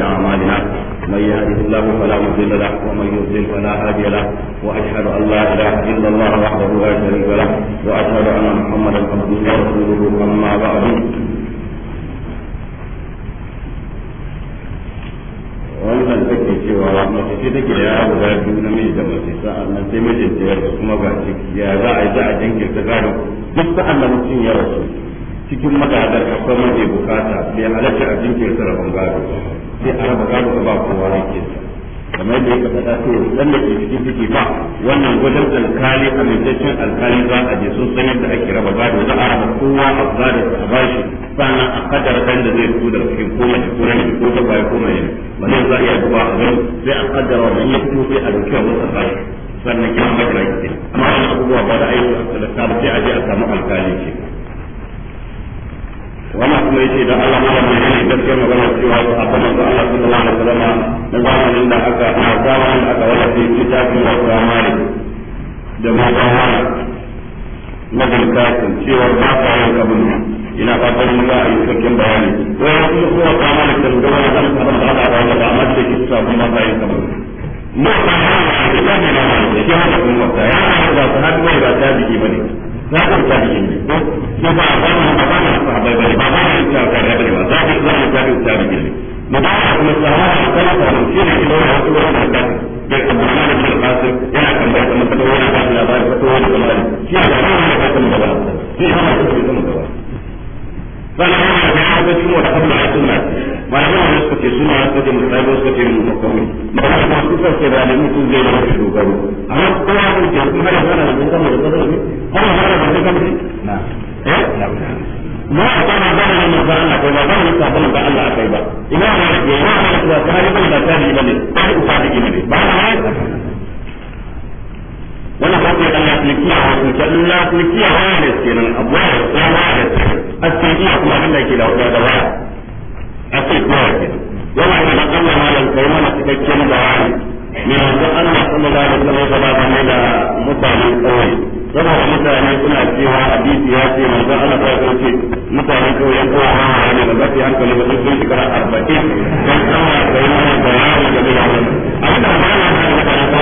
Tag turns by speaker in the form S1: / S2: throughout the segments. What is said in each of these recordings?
S1: من أعمالنا من يهده الله فلا مضل له ومن يضلل فلا هادي له وأشهد أن لا إله إلا الله وحده لا شريك له وأشهد أن محمدا عبده ورسوله أما بعد wannan take cewa mace ce take da yaro guda biyu namiji da mace sa'an nan sai mijinta ya kuma ga ciki ya za a yi za a jinkirta gado duk sa'an nan mutum ya rasu cikin magadar akwai mai bukata bai halatta a jinkirta rabon gado sai a raba gado ba kowa yake kamar yadda yake faɗa to da ke cikin ciki ba wannan gwajar alkali amintaccen alkali za a je sun san yadda ake raba gado za a raba kowa a gado a bashi sannan a kadar kan da zai fito daga cikin ko mace ko namiji ko ta baya ko mai ba zai za a iya duba a gani sai a kadara wannan ya fito sai a dauki a wasu bashi sannan kyan bajira ke amma wannan abubuwa ba da aiki a talaka ba sai a je a samu alkali ke wannan kuma yace da Allah malam ne ne gaskiyar magana cewa a kan manzo Allah sallallahu alaihi wasallam na zamanin da aka a zamanin da aka wallafa littafin wa Malik da mata Malik na dalkatun cewa ba ka yin kabin ina fatan mun yi cikakken bayani ko ya kuma kowa ka Malik da gaba da kan abin da aka wallafa amma da kisa kun ba yin kabin mu ba ka yin kabin da ke hana kun wata ya ba ta ba ta biki bane za a ta yi ne ko ba a zama ba ba na sa bai bai ba ba ne ta ka da ba za a zama ta yi ta yi ne ma ba a kuma sa ba a kana ta yi ne ko ya ku ba ta da ya ku ba na da ba su ya ka ba ta ma ta wani ba ta ba ta wani ba ta shi ya ba ta ba ta ba ta shi ya ba ta ba ta ba ta sannan yana da hanyoyi mu da kuma sunna malaman da suka ce suna suka ce musulmai ba suka ce mu makami malaman da suka ce da ne mutum zai zama da dogaro amma kowa zai ce kuma da zana da zama da zama ne har da zana da ne na eh ma a kama zama da manzo na ko ba zama da sabon da Allah kai ba ina ma da ke ma da kuwa ta ne ba ta ne ba ne ba ku ta ne ne ba ba wannan ba ku da Allah ne kiyawa ku kiyawa ne kenan abuwa da tsawa da tsawa Allah ke da wata da waya
S2: akwai kuma ke yana da Allah malam kai mana cikakken bayani ne wanda Allah sallallahu alaihi wasallam
S1: ya ba da mutane kawai saboda mutane suna cewa hadisi ya ce manzo Allah ta ce mutane kawai yan kowa ma ne da zai hankali ba sun shekara 40 dan Allah kai mana bayani da wannan da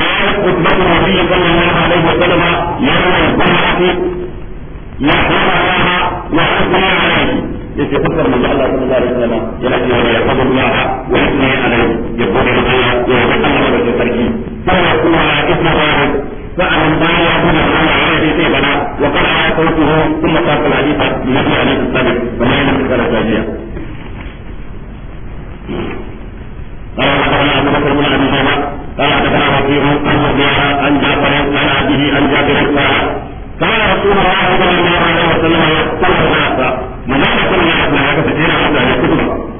S1: كانت خطبة النبي صلى الله عليه وسلم يوم الجمعة يحرمها وأثنى عليه يتفكر من الله صلى الله عليه وسلم يأتي ويحفظ الله ويثني عليه يقول الله ويتكلم بالتركيب ثم يقول على اسم واحد فأنا لا يأخذ على عهد سيفنا وقد على صوته ثم ترك الحديث لنبي عليه السابق وما ينبغي كان الجاهلية قال حدثنا ابو بكر بن ابي شيبه قال حدثنا وكيع عن ربيعه عن جعفر عن عبده عن جابر قال كان رسول الله صلى الله عليه وسلم يقتل الناس من لا يقتل الناس لا يكتب حتى يكتب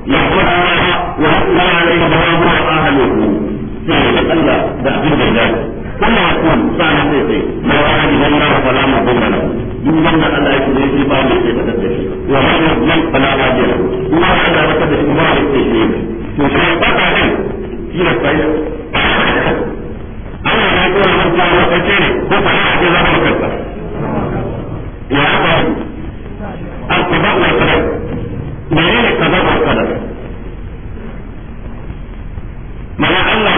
S1: يقتل الله ويقتل عليه بوابه اهله سيد الله بأبي بلاد ثم يقول سامع سيدي ما وعد الله فلا مضر له إن لم ألا يكون في بعض الشيء فتدري وما يظلم فلا هادي له وما هذا فتدري ما يستشير وشيء قطع عليه في الصيد ana ne ko ya ko Allah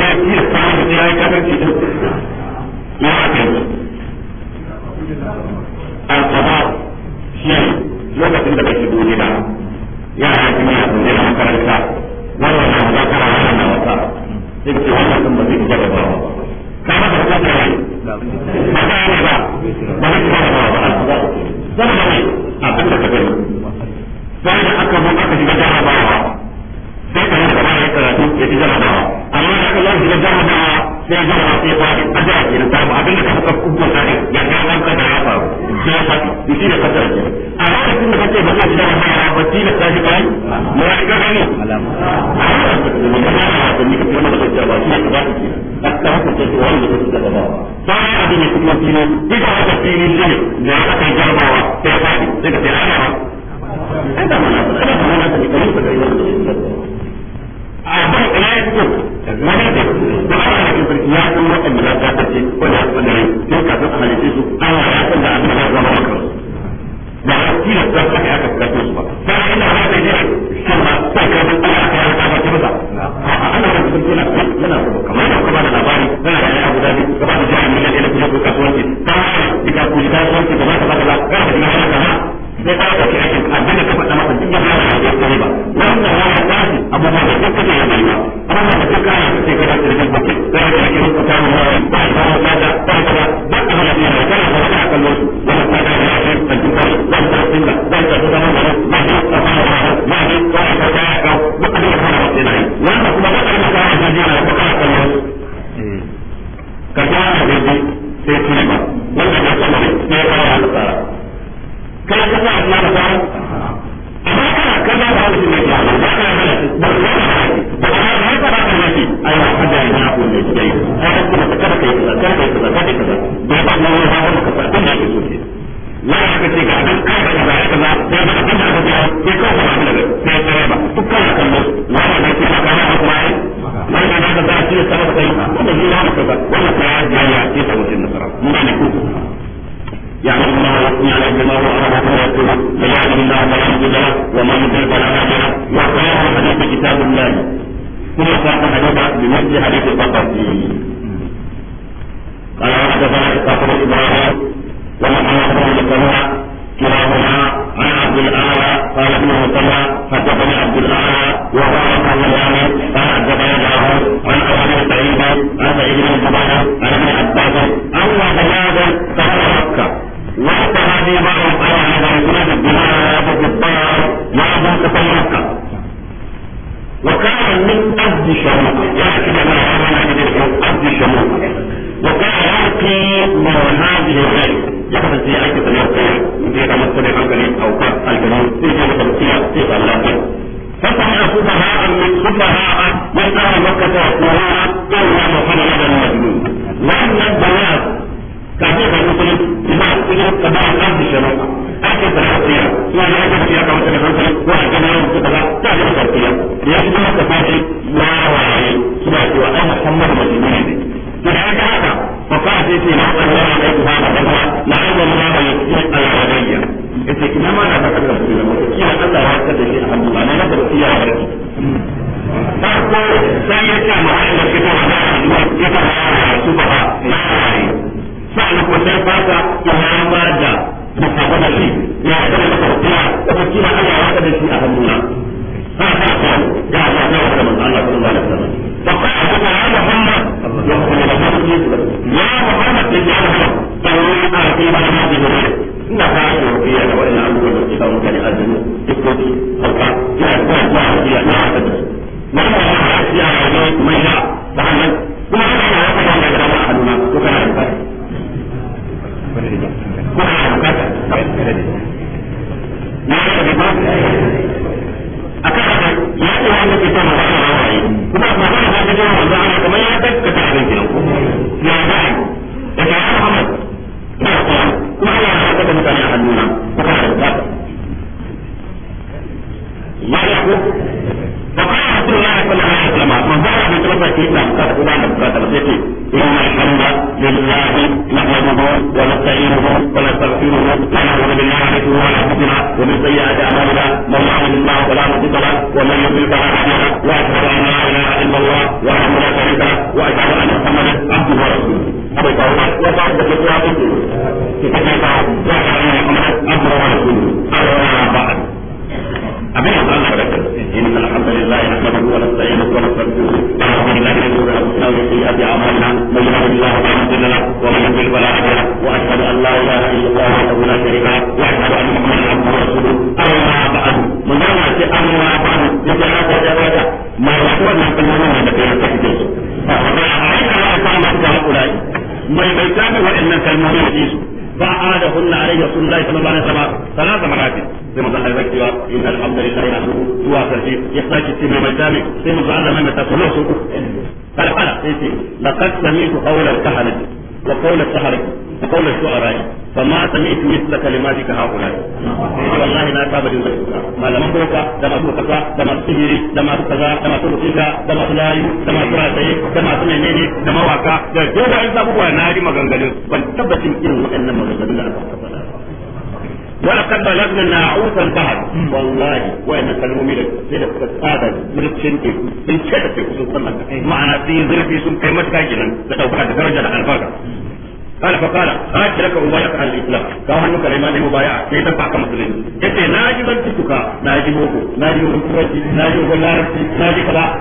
S1: ya kiyasta ya yi al islam ka hannu na ji ban tuka na ji boko na ji wurin na ji na ji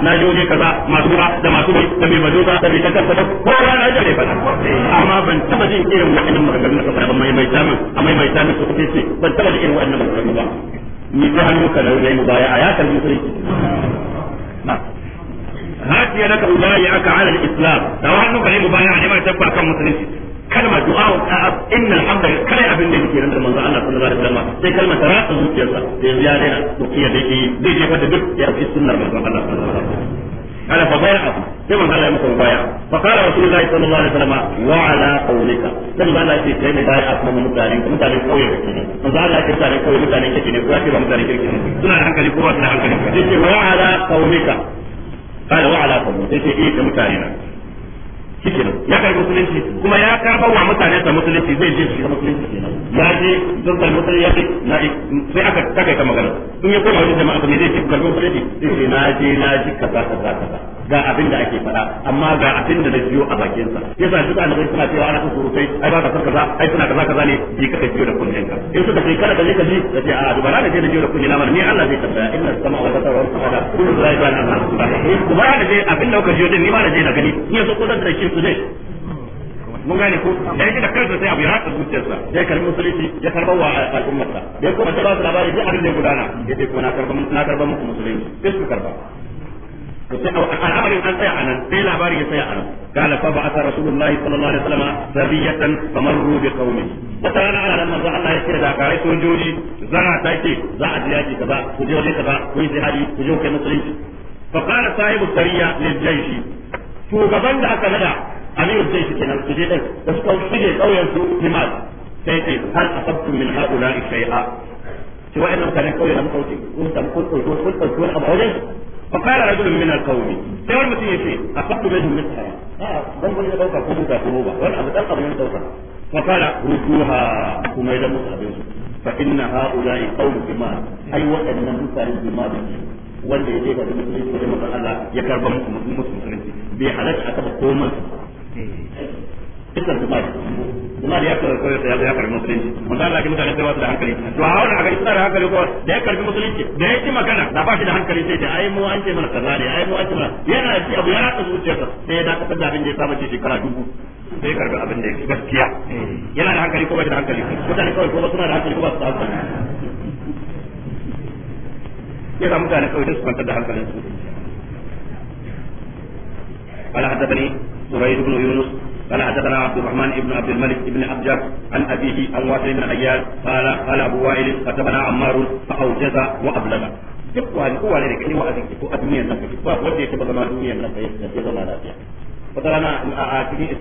S1: na ji wurin kaza masu da masu bai da mai majuka da mai kakar da ko na ji ba amma ban taba jin irin wannan maganganun da ba mai mai tamin ta a ya kalli musulunci na'am هات على الاسلام لو انك مبايع لما كم مسلم kalma du'a inna alhamda kai abin da yake nan da manzo Allah sallallahu alaihi wasallam sai kalma ta ratsa zuciyarsa da yanzu ya daina to kiya eh, da yake zai je fata duk ya fi sunnar manzo Allah sallallahu alaihi wasallam ala fa bai'a sai manzo Allah ya masa bai'a fa qala rasulullahi sallallahu alaihi wasallam wa ala qawlika sai manzo Allah ya kai ne kuma mutane mutane koyo manzo Allah ya mutane koyo mutane ne ko mutane kike ne suna da hankali ko ba su da hankali sai ce wa ala qawlika qala wa ala qawlika sai ce eh, shike ya karbi musulunci kuma ya karba wa mutane sa musulunci zai je shiga musulunci kenan ya je don sai musulunci ya ce na sai aka taka ta magana in ya koma wajen jama'a kuma zai ce karbi musulunci sai ce na je na ji kaza kaza kaza ga abin da ake faɗa amma ga abin da na biyo a bakin sa yasa duk annabi suna cewa ana kusuru sai ai ba ka san kaza ai suna kaza kaza ne bi ka biyo da kunnen ka in suka ce kada ka je ka ji ka ce a dubara da je da biyo da kunnen na ni Allah zai tabbata inna sama wa basara wa sahada kullu zai ba na Allah kuma da je abin da ka biyo din ni ma na je na gani ni so ko da shi su ne mun gane ko da yake da kansa sai abu ya ratsa zuciyarsa sai karbi musulunci ya karba wa al'ummarsa da ya kuma ta ba su labari duk abin da ya gudana ya ce kuma na karba muku musulunci sai su karba al'amarin an tsaya anan sai labarin ya tsaya anan a فبعث رسول الله صلى الله عليه وسلم سرية فمروا بقومه وتعالى على لما ذا الله يسير ذا قاعد سنجوجي زرع تايتي زرع دياجي كذا وجوجي كذا ويزي هذه وجوجي مسلم فقال صاحب السرية للجيش shugaban da aka nada amir sai shi kenan su je din da suka shige kauyen su himal sai ce hal asabtum min haula shay'a ce wa'annan mutanen kauyen da muka kun san kun kun kun kun kun abu wajen فقال رجل من القوم sai wani mutum yace akabtu bihim min haya dan gurin dauka ko duka ko ba wani abu dan abu ne dauka fa qala rujuha kuma idan musu abin su fa inna haula'i qawlu bima ai wadannan mutane bima da wanda ya je ga musulunci da Allah ya karba musu musulunci bai halatta a taba komai kisan su bai kuma da ya karɓi koyar da ya karɓi musulunci wanda Allah ya mutane sai wasu da hankali to a wani a gari suna da hankali ko da ya karɓi musulunci da ya ji magana da ba shi da hankali sai da ai mu an ce mana kaza ne ai mu an ce mana yana ji abu ya ratsa zuciyarsa sai ya dakatar da abin da ya saba ce shekara dubu sai karɓi abin da ya gaskiya yana da hankali ko bai da hankali mutane kawai ko ba suna da hankali ko ba su da hankali ya sa mutane kawai da su kwantar da hankalin su قال حدثني سعيد بن يونس قال حدثنا عبد الرحمن بن عبد الملك بن عن ابيه عن قال قال ابو وائل كتبنا عمار فاوجز وابلغ duk wani da ko a duniyar nan kake ba wanda yake zama duniyar nan zama lafiya wata rana a cikin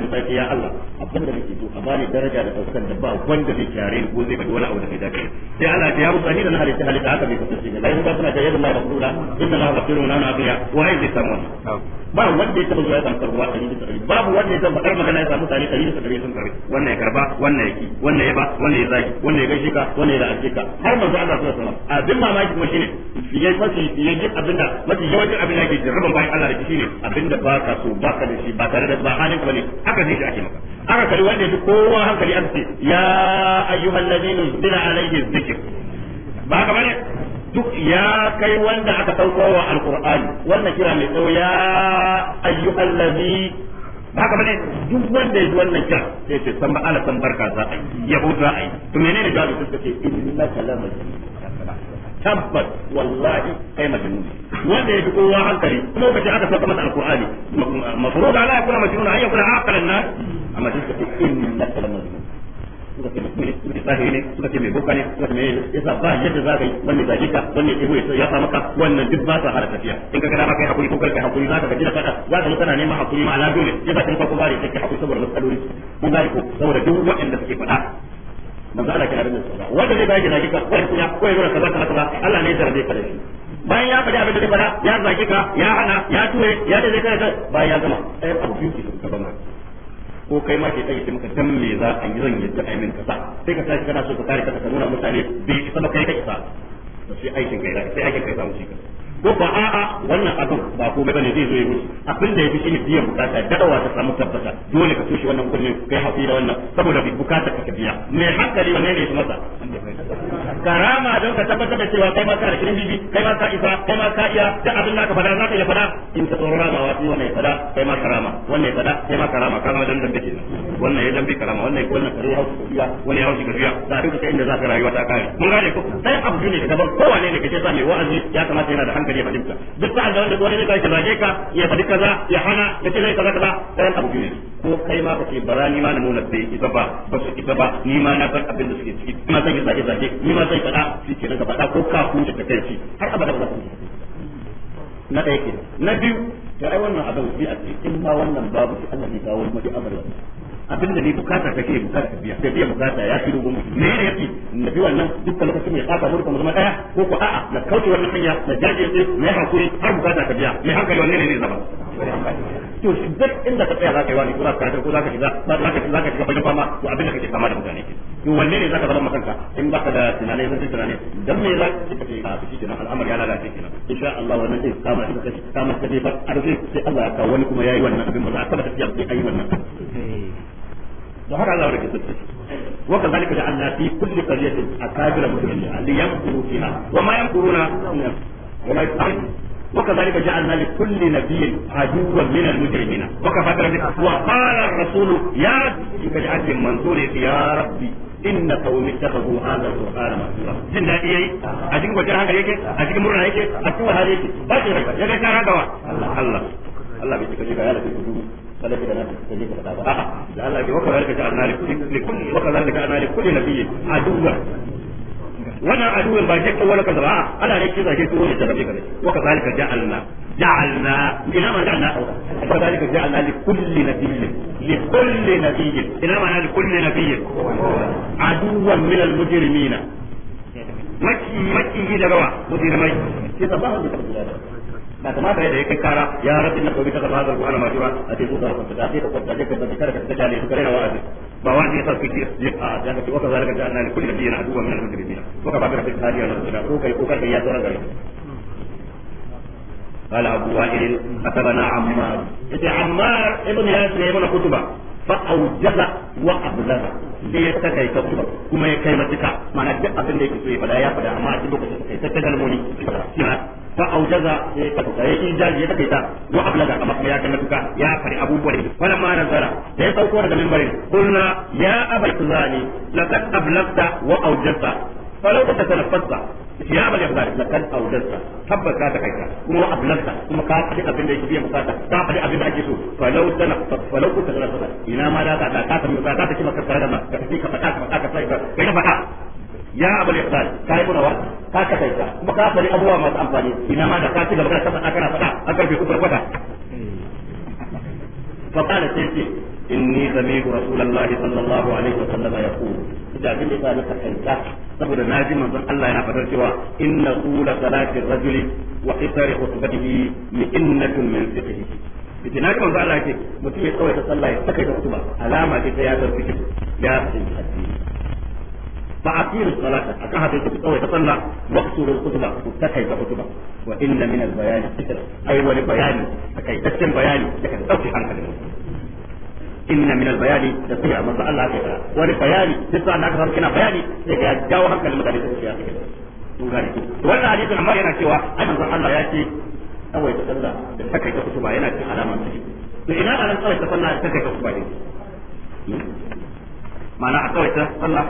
S1: musa ya allah abin da nake so a bani daraja da ɗaukar da ba wanda zai kyare ko zai wani abu da kai dace sai allah ya musa ni da na halitta halitta haka bai kasance ba kula inna na ba wanda ya taba zuwa ya samu karbuwa ɗari bisa ɗari babu wanda ya taba faɗar magana ya samu tsari ɗari bisa ɗari sun tsari wannan ya karba wannan ya ki wannan ya ba wannan ya zagi wannan ya gaishe ka wannan ya la'ace ka har manzo Allah sallallahu alaihi wasallam abin mamaki kuma shine fiye mafi fiye abinda mafi yawancin abin da yake jarraban bayan Allah da shine abinda ba ka so ba ka da shi ba tare da ba halin ka bane haka ne shi ake maka aka kari wanda ya fi kowa hankali an ce ya ayyuhallazina zina alaihi dhikr ba haka bane duk ya kai wanda aka sauko wa alqur'ani wannan kira mai tsawo ya ayyuhal ladhi haka bane duk wanda ya ji wannan kira sai ce san ala san barka za a yi yabo za a yi to menene jawabi suka ce innaka lamajnun tabbat wallahi kai majnun wanda ya fi kowa hankali kuma kace aka saka masa alqur'ani mafruḍ ala yakuna majnun ay yakuna aqlan nas amma duk ce innaka lamajnun suka ce mai tsahiri ne suka ce mai boka ne suka ce mai yasa ba yadda za ka yi wannan zaje ka wannan ya ya ya fa maka wannan duk ba sa hada tafiya in ka ga ma kai hakuri ko kai hakuri za ka gaji da kada za ka mutana neman hakuri ma ala dole yasa kin farko bare take hakuri saboda matsaloli mun gane ko saboda duk waɗanda suke faɗa manzo Allah kira da su wanda zai bayar kika ko kuma ko yana kaza kaza kaza Allah ne ya tarbe ka da shi bayan ya faɗi abin da zai faɗa ya zage ka ya hana ya ya da zai kai bayan ya gama sai abu biyu ke gaba ko kai ma ke tsaye maka dan me za a yi zan yi ta aimin kasa sai ka tashi kana so ka kare kasa ka nuna mutane bai isa ba kai ka isa to sai aikin kai sai aikin kai samu shi ka ko ba a a wannan abin ba ko bane zai zo ya wuce abin da yafi shine biyan bukata dadawa ta samu tabbata dole ka toshe wannan kudin kai hafi da wannan saboda bukata ka biya me hankali wannan ne ya masa karama don ka tabbatar da cewa kai ma ka da kirin bibi kai ma ka isa kai ma ka iya da abin da ka fada za ka iya fada in ka tsoron rama wa kuma mai fada kai ma karama wannan ya fada kai ma karama ka don dan dambe wannan ya dambe karama wannan ya wannan kare hausu kafiya wani ya hausa kafiya da duk inda za ka rayuwa ta kare mun gane ko sai abu ne daban kowane ne kace sa mai wa'azi ya kamata yana da hankali ya fahimta duk sa'an da wanda wani ne kai ka zage ka ya fadi kaza ya hana ya ce zai kaza kaza sai abu ne ko kai ma kace barani ma na nuna sai ita ba ba su ita ba ni ma na san abin da suke ciki ma san ki zage zage ni ma zai faɗa shi ke nan ka faɗa ko ka huce ta kai shi har abada ba za ku na ɗaya ke na biyu ya ai wannan abin bi a cikin ma wannan babu shi Allah ne kawo mafi amarwa abin da ne bukata kake bukata ka biya ka biya bukata ya fi dogon me ne yafi na bi wannan duk lokacin mai kasa mu kuma daya ko ko a'a na kauce wannan hanya na jaje ne mai hakuri har bukata ka biya mai hankali wannan ne ne zaba to duk inda ka tsaya zaka yi wani ka ko zaka shiga ba zaka shiga k'a shiga bayan fama to abin da kake kama da mutane to wanne ne zaka zama makanka in baka da tunani zan tunani dan me za ka ce ka ah, fi kenan al'amari ya lalace kenan Allah wannan zai kama shi kama shi ba arziki sai Allah ya kawo wani kuma yayi wannan abin ba za a taba tafiya sai ayi wannan da haka Allah rike sukke wa fi kulli qaryatin akabira mutanni alli yamkuru fiha wa ma yamkuruna wa ma wa kazalika ja'alna li kulli nabiyyin ajuwan min al-mujrimina ka fatara bi wa qala ar-rasul ya ja'alni mansuri fi ya rabbi inna qawmi ittakhadhu hadha al-qur'ana masjida inna iyai a cikin kwacin hankali yake a cikin murna yake a cikin wahala yake ba shi فلا بد أن تجيب الخطاب وكذلك جعلنا لكل وكذلك جعلنا لكل نبي عدوا wannan aduwin ba shakka wani kaza ba ana ne kisa shi turo da jarabe kare wa kazalika ja'alna ja'alna ina ma ja'alna kazalika ja'alna li kulli nabiyyin li kulli nabiyyin ina ma li kulli nabiyyin aduwan min da rawa mujrimai da ba kamata da yake kara ya rabbi na kobi ta ka bazar Qur'ani ma ba a ce ka da kwanta da da ka ta jale su kare wa'azi ba wani yasa su ce je a aa ka waka zalika da annani kullu nabiyyin aduwa min al-mujrimin ko ka bazar ta hadiya na ko kai ko kai ya tsara gare قال أبو وائل كتبنا عمار إذا عمار ابن ياسر ابن fa aujaza wa ablaga sai ya saka ya kuma kuma ya kai matuka mana duk abin da yake so ya fada ya fada amma a duk lokacin sai ta kalmoni fa aujaza sai ka tuka ya ijaji ya takaita wa ablaga amma ya kai matuka ya fari abubuwan wala ma nazara da ya sauko daga mimbarin kulna ya abal zani laqad ablagta wa aujazta falo ka tafarfarsa siyaba ya fara lakan audarsa tabbata ta kaita kuma ablanta kuma ka ci abin da yake biya masa ta fadi abin da ake so falo ta na falo ku tafarfarsa ina ma da ta ta ta ta ta ki maka tare da ma ka fi ka fada ka fada ka fada kai fada ya abul ihsan kai kuna wa ka ka kaita kuma ka fadi abuwa masu amfani ina ma da ka ci gaba ka fada kana fada a karfe ku farfada فقال سيدي إني سمعت رسول الله صلى الله عليه وسلم يقول da abin da ya sani kanta saboda na ji manzon Allah yana fadar cewa inna qula salati rajuli wa qisari khutbatihi mi'annatun min fiqhi yace na ji manzon Allah yake mutum ya kawai ta sallah ya saka khutba alama ce ta ya san fiqh ya san hadisi fa aqimu salata akan haka yake kawai ta sallah waqtul khutba ku saka ta khutba wa inna min al-bayani fitra ai wani bayani kai sakaitaccen bayani da kan dauke hankalin inna min al bayani da sirra manzo Allah ya fara wani bayani duk sa da aka fara kina bayani sai ya jawo hankalin mutane su ya mun gane wannan hadisin amma yana cewa ai Allah ya ce kawai ta sallah da takai ta kutuba yana cikin alaman sihiri to ina alan kawai ta sallah da takai ta kutuba ne hmm? ma'ana a kawai ta sallah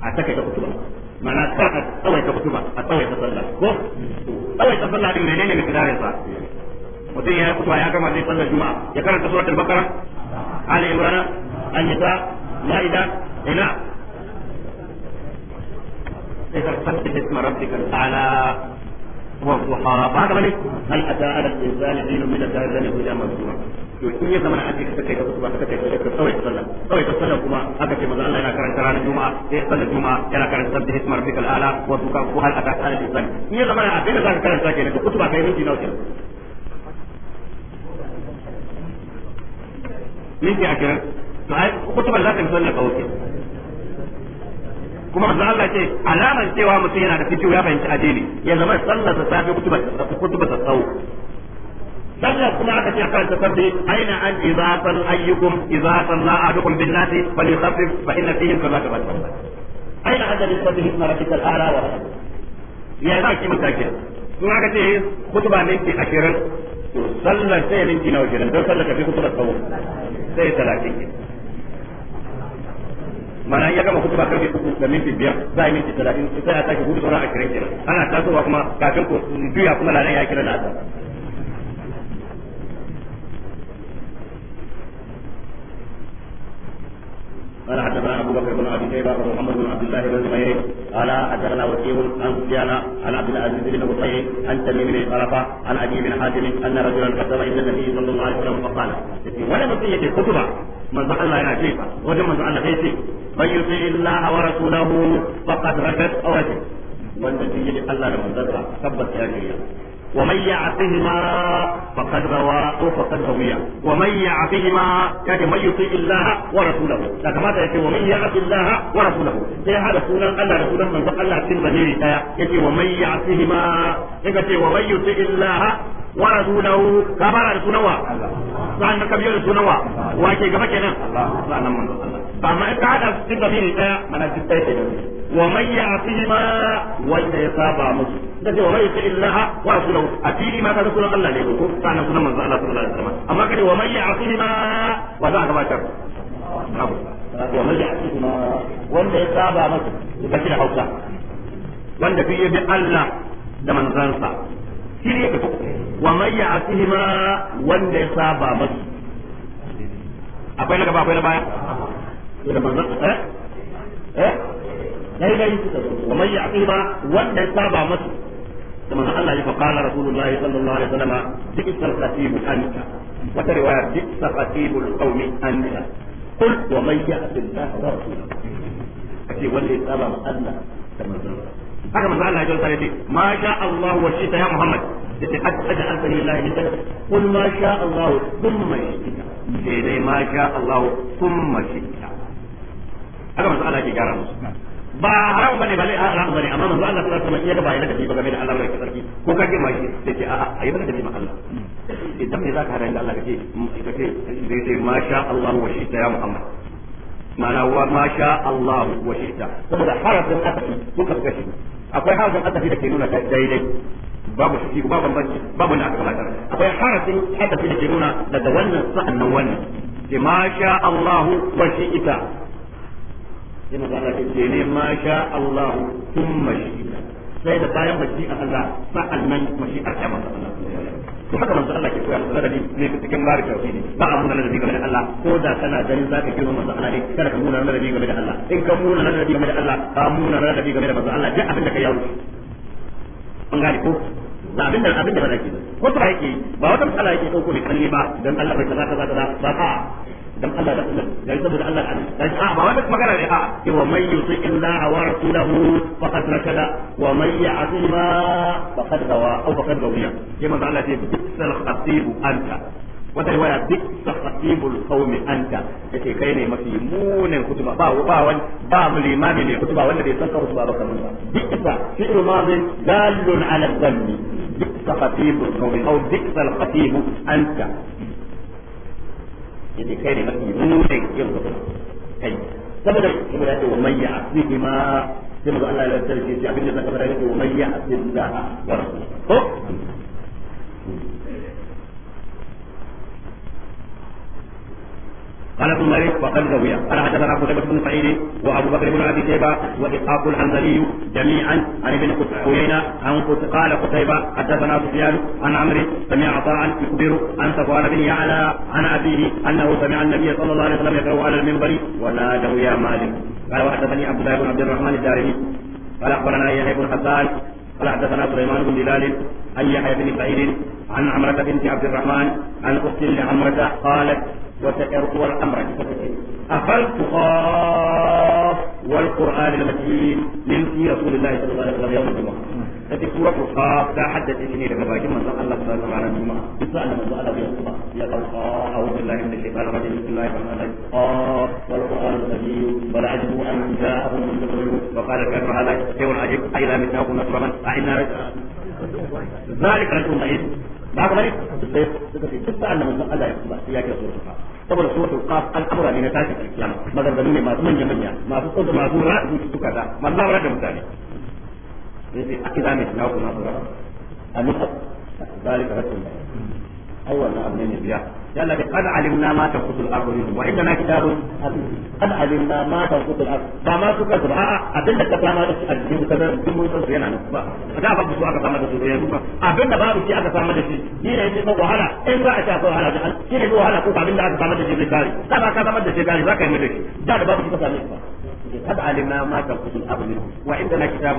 S1: a takai ta kutuba ma'ana a kawai ta kutuba a kawai ta sallah ko kawai ta sallah din menene ne sa mutum ya kutuba ya gama zai sallar juma'a ya karanta suratul baqara ali imran an-nisa maida ina إذا سبح اسم ربك الأعلى والضحى هذا بني هل أتى على الإنسان حين من الدار لم يكن إلا مذكورا to in ya zama ake kasa kai kasa ba kasa kai kasa kawai sallah kawai ta sallah kuma aka ce manzo Allah yana karanta ranar juma'a sai sallar juma'a yana karanta sabbi hikmar bikal ala wa ko hal aka ala lisan in ya zama abin da zaka karanta kenan kutuba kai minti nawa kenan minti ashirin to ai kutubar za ta fi ka wuce kuma manzo Allah ce alamar cewa mutum yana da fitiyo ya fahimci addini ya zama sallar sa safi kutuba kutuba ta tsawo sannan kuma aka ce akan tafardi aina an idza sal ayyukum idza salla ahadukum bin nasi falyukhaffif fa inna fihi kama kama aina hada bi sabbi hisna rabbikal ala wa ya zaki mutakin sun aka ce kutuba ne ke 20 to sallar sai rinki nawa kenan don sallar ka fi kutuba tsawo sai talatin mana ya gama kutuba karfe uku da minti biyar za a yi minti talatin sai a tashi hudu sauran ashirin kenan ana tasowa kuma kafin ku juya kuma lalan ya kira da asar قال حدثنا ابو بكر بن ابي شيبه ومحمد بن عبد الله بن زبير قال حدثنا وكيل عن سفيان عن عبد العزيز بن بطيء عن تميم بن طرفه عن ابي بن حاتم ان رجلا قدم الى النبي صلى الله عليه وسلم فقال ولا بقيه الخطبه من زعل الله يا شيخ وجه من زعل الله من يطيع الله ورسوله فقد ردت اورته wanda duk yake Allah da manzansa tabbata ya shirya ومن يعصهما فقد غوى او فقد غوي ومن يعصهما يعني من يطيع الله ورسوله لا كما يقول ومن يعص الله ورسوله sai hada sunan Allah da sunan manzon Allah cikin bahiri daya yake wa man ya'sihima yake ce wa man yuti illaha wa rasulahu kabara da sunawa sa'an ka biyo da sunawa wa ke gaba kenan Allah sa'an manzon Allah ba ma ka hada cikin bahiri wa man ya'ti ma wanda ya saba musu da ce wa man ya'ti illaha wa rasulahu a fili ma kaga sunan Allah ne ko sanan sunan manzo Allah sallallahu alaihi wasallam amma kace wa man ya'ti ma wa za ka bata wa man ya'ti ma wanda ya saba musu da shi da Hausa wanda fiye bi Allah da manzansa shi ne ka wa man ya'ti ma wanda ya saba musu akwai na gaba akwai na baya kai kai kamar ya aqiba wanda saba masa kuma Allah ya faɗa Rasulullahi sallallahu alaihi wasallam dikal khatibu anta wata riwaya dikal khatibul qaumi anta qul wa man ya'ti Allah wa rasulahu kace wanda ya saba ma Allah da manzon haka manzo Allah ya jalsa yace ma sha Allah wa shi ya Muhammad yace hada alfa lillahi min salaf qul ma sha Allah thumma shita sai dai ma sha Allah thumma shita haka manzo Allah ya gara musu ba haram bane bale a haram bane amma manzo Allah sallallahu alaihi wasallam ya ga bayyana da ba game da Allah mai sarki ko ka ke mai sai ce a'a ayi bane da mai Allah idan eh, me zaka hada da Allah kace kace mm, dai dai masha Allah wa shi ta ya Muhammad Mana wa masha Allah wa shi ta saboda harafin asafi ka kashi akwai harafin asafi da ke nuna daidai babu shi babu banci babu na kamata akwai harafin asafi da ke nuna daga wannan sa'an nan wannan ma sha Allah wa shi ita sai manzo Allah ya ce ne ma sha Allah thumma shi'a sai da bayan baki a Allah sa'annan mashi'ar ta manzo Allah to haka manzo Allah ke koya masa ladabi ne cikin mari tauhidi ba a muna ladabi game da Allah ko da kana ganin zaka kiro manzo Allah ne kada ka muna ladabi game da Allah in ka muna ladabi game da Allah ka muna ladabi game da manzo Allah duk abin da ka yawo an gane ko da abin da abin da ba zaki ba ko ta yake ba wata matsala yake dauko ne kalli ba dan Allah bai kaza kaza kaza ba a dan Allah da Allah dan saboda Allah da a ba wannan magana ah. ne a wa man yuti illaha wa rasulahu faqad rakada wa man ya'ti ma faqad dawa aw faqad dawiya sai manzo Allah ce bisal khatibu anta wata riwaya duk sahatibul qaumi anta yace kai ne mafi munin kutuba ba ba wani ba limami ne kutuba wanda bai san ka kutuba ba kamar duk isa fi'l madin dalun ala dhanni duk sahatibul qaumi aw duk sahatibul anta yace kai ne mafi munin yin kai saboda kuma da ya man ya'sihi ma sai mu Allah ya tsare shi abin da zaka fara yake a man ya'sihi da wa ko قال بن مالك وقد روي قال حدثنا قتيبة بن سعيد وابو بكر بن ابي شيبه واسحاق الحنظلي جميعا عن ابن عيينة عن قال قتيبة حدثنا سفيان عن عمرو سمع عطاء يخبر عن صفوان بن يعلى عن ابيه انه سمع النبي صلى الله عليه وسلم يقرأ على المنبر ونادوا يا مالك قال وحدثني عبد الله بن عبد الرحمن الدارمي قال اخبرنا يحيى بن حسان قال حدثنا سليمان بن بلال عن يحيى بن سعيد عن عمرة بنت عبد الرحمن عن اخت لعمرة قالت وتأرقوا الأمر أفل تخاف والقرآن المتين من في رسول الله صلى الله عليه وسلم يوم الجمعة هذه سورة تخاف لا حد إني لما باجي من الله صلى الله عليه وسلم بس أن من الله بيوم الله يا الله أعوذ بالله من الشيطان الرجيم بسم الله الرحمن الرحيم تخاف والقرآن المتين بل عجبوا أن جاءهم من الغيوب وقال الكافر هذا شيء عجيب أي لا أئذا متناكم نصرا أعنا ذلك رجل بعد ذلك الصيف تتفي تسعى أن من الله يقبل إياك يا رسول الله saboda suratul qaf al'amura ne na tashi kiyama maganganu ne masu manyan manya masu tsoda masu ra'ayi suka da mallawa da mutane sai sai akida kuma sura a nufa zalika na ne biya يلا قد علمنا ما تنقص الارض منهم وعندنا كتاب قد علمنا ما تنقص الارض فما تنقص الارض ادلة كلام الدين كذا الدين ينقص يعني با فدا ba su aka samar da su yanzu ba abin da babu shi aka samar da shi shi ne sai wahala in za a ta ko wahala da shi ne wahala ko abin da aka samar da shi zai kare da ba ka samar da shi kare ka yi mai da shi da da babu shi ka same shi ba قد علمنا ما تنقص الارض منهم وعندنا كتاب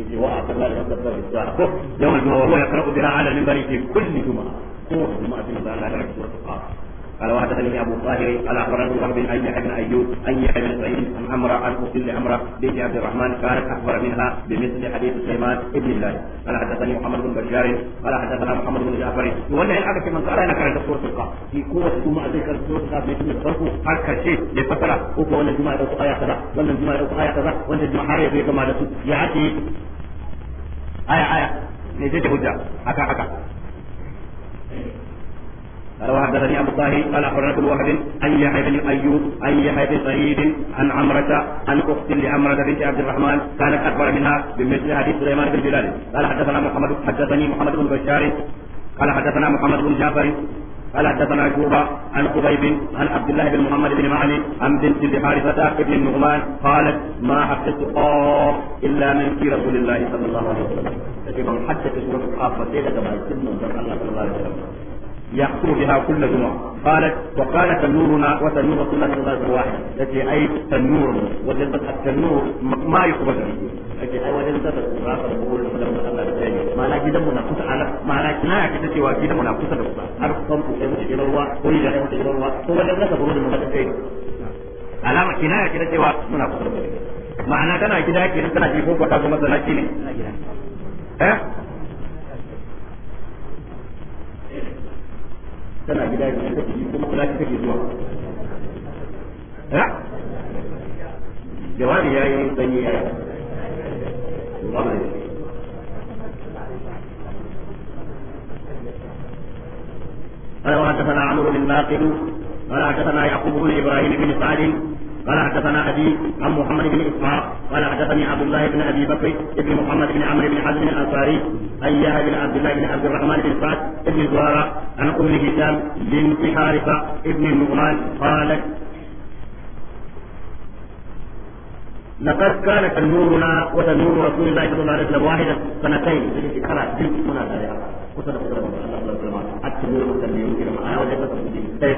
S1: yake wa da kasar da ko yawan zuwa wa ya bari ke kulli juma'a ko da قال وحدثني ابو طاهر قال اخبرني عمر بن اي بن ايوب ان يحيى بن سعيد عن عمرو عن اصيل عمرو بنت عبد الرحمن كانت اخبر منها بمثل حديث سليمان ابن الله قال حدثني محمد بن بشار قال حدثنا محمد بن جعفر وانا ان اكثر من قال انا كانت سوره القاف في قوه ثم ذكر سوره القاف في الفرق حركه شيء لفتره وكو ولا جماعه او ايه كذا ولا جماعه او ايه كذا ولا جماعه يا جماعه يا عتي aya aya ne zai ta hujja haka haka قال وحدثني ابو الطاهر قال اخبرنا كل واحد ان يحيى بن ايوب ان يحيى بن سعيد عن عمرة عن اخت لعمرة بنت عبد الرحمن كانت اكبر منها بمثل حديث سليمان بن بلال قال حدثنا محمد حدثني محمد بن بشار قال حدثنا محمد بن جعفر قال حدثنا شعبة عن خبيب عن عبد الله بن محمد بن معلي عن بنت بحارثة بن النعمان قالت ما حفظت قاف إلا من في رسول الله صلى الله عليه وسلم. حتى في سورة القاف وسيلة كما يسلم الله صلى الله عليه وسلم. يخطب بها كل جمعة قالت وقال تنورنا وتنور رسول الله صلى الله عليه وسلم واحد التي أي تنور وجدت التنور ما يقبل ake ai wajen zata kura fa da bugun da Allah ta yi ma'ana gidan mu na kusa ala ma'ana kina ya kita cewa gidan mu na kusa da kusa har san ku sai mu shiga ruwa ko ni da mu shiga ruwa ko wajen zata kura da mu da kai alama kina ya kita cewa muna kusa da ma'ana kana gida ke tana ji ko kwata kuma zalaki ne eh tana gida ya kake kuma kula kake zuwa ha jawabi yayi sanyi yayi قال وحدثنا عمرو بن باقر قال حدثنا يعقوب بن ابراهيم بن سعد قال حدثنا ابي عن محمد بن اسحاق قال حدثني عبد الله بن ابي بكر بن محمد بن عمرو بن حزم الانصاري اي بن عبد الله بن عبد الرحمن بن سعد بن زهره عن ام هشام بنت حارثه بن النعمان قالت لقد كانت نورنا وتنور رسول الله صلى الله عليه وسلم واحدا سنتين طيب،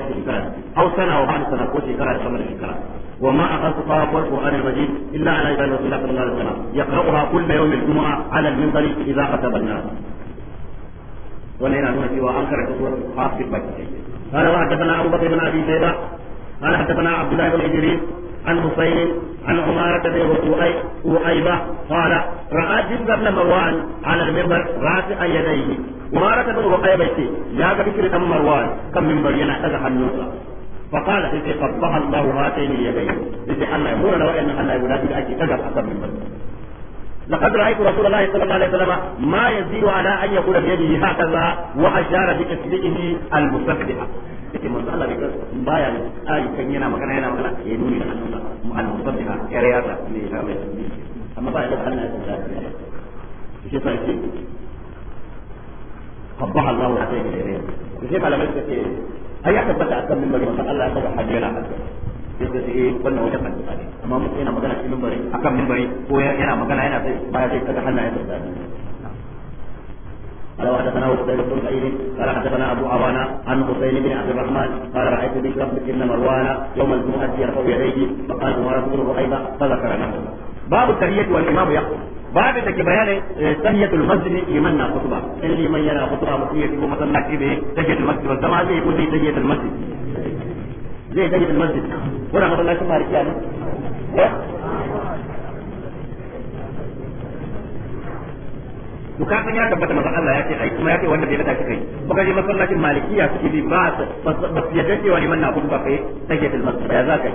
S1: او سنه او سنه سنه كل شيء شمال الشكرات وما أخذت قراءة القرآن المجيد إلا على عباد رسول الله صلى الله عليه وسلم يقرأها كل يوم الجمعة على المنبر إذا خطب الناس ولينا نوع سوى أنكر سورة في البيت قال وحدثنا أبو بكر بن أبي شيبة قال حدثنا عبد الله بن إدريس عن حسين عن عمارة بن وأيبة قال رأى جند بن مروان على المنبر راسع يديه عمارة بن وأيبة يا بكر مروان كم منبر ينحدث عن نوسى فقال انت قبح الله هاتين اليدين انت حنا يقول لو ان حنا يقول لك اجي تجر اكثر من بلد لقد رايت رسول الله صلى الله عليه وسلم ما يزيد على ان يكون في يده هكذا واشار بكسبه المسبحه ke masala ke baya ne ai kan yana magana yana magana ke nuni da annabi mu an mutabba ka kare ya ta ne ya mai amma ba ya kan na ta ta ke sai ke qabaha Allah ta ke ne ke fa la mai ke ai ya tabbata akan mimbari manzon Allah ya saba hajji yana hajji sai da sai eh, wannan wata addu'a ne amma mutum yana magana cikin mimbari akan mimbari ko yana magana yana sai baya sai kaga hannayen sa قال حدثنا وقتيبة بن سعيد قال حدثنا أبو عوانة عن حسين بن عبد الرحمن قال رأيت بشر بن مروان يوم الجمعة يرفع يديه فقال عمر بن رؤيبة فذكر باب التحية والإمام يقول babin da ke bayanin eh, tahiyatul masjid liman na khutba in liman yana khutba mutum ya shigo masallaci ne take da masjid ba zama zai kudi take da masjid zai take da masjid wannan masallacin malikiya ne eh? to ka san ya tabbata manzon Allah ya ce ai kuma ya ce wanda bai da shi kai baka je masallacin malikiya suke bi ba ba su yadda cewa liman na khutba kai take da masjid ya za kai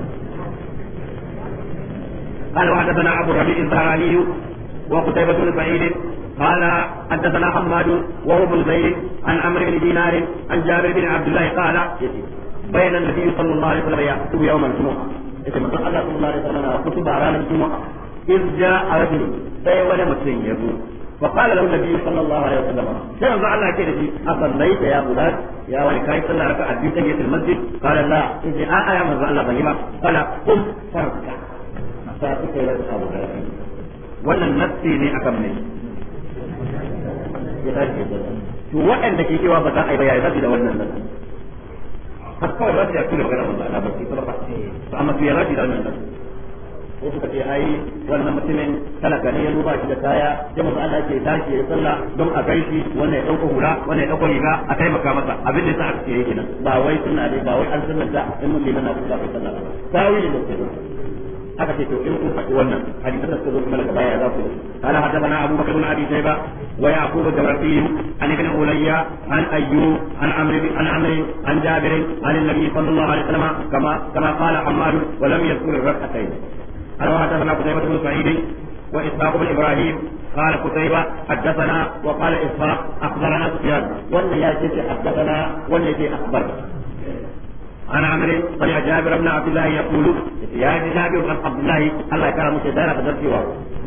S1: قال وحدثنا ابو الربيع الزهراني وقتيبة بن سعيد قال حدثنا حماد وهو بن زيد عن عمرو بن دينار عن جابر بن عبد الله قال بين النبي صلى الله عليه وسلم يخطب يوم الجمعة إذا ما قال صلى الله عليه وسلم خطب على الجمعة إذ جاء رجل سي ولا مسلم يقول فقال له النبي صلى الله عليه وسلم كان الله كده أصليت يا غلام يا ولد كاي صلى ركعة في المسجد قال لا إذ آه يا من الله بنيما قال قم فاركع ta suka yi rasa guda gari wannan nassi ne akan mai ya dace da to waɗanda ke cewa ba za a yi bayani zabi da wannan nassi har kawai ba su ya kula gara manzo Allah ba su ba to amma su ya rabi da wannan nassi ko suka ce ai wannan mutumin kana gani ya ruba shi da kaya ya manzo Allah ke tashi ya sallah don a kai shi wannan ya dauko hura wannan ya dauko riga a taimaka masa abin da ya sa a ce yake nan ba wai suna ne ba wai an sunna da in mun ne na kusa sallah ba tawili ne haka ce to in kun faɗi wannan hadisin da suka zo kuma daga baya za su kana hada bana abu bakar bin abi shayba wa ya abu bakar rafi an ibn ulayya an ayyu an amri an amri an jabir an nabi sallallahu alaihi wasallam kama kama qala ammar wa lam yadhkur rakatayn ana hada bana qutayba bin sa'id wa isaaq bin ibrahim قال قتيبة حدثنا وقال إسحاق أخبرنا سفيان ولا يا حدثنا ولا أخبرنا عن عمرو سمع جابر بن عبد الله يقول يا جابر بن عبد الله الله يكرمه سيدنا فدرت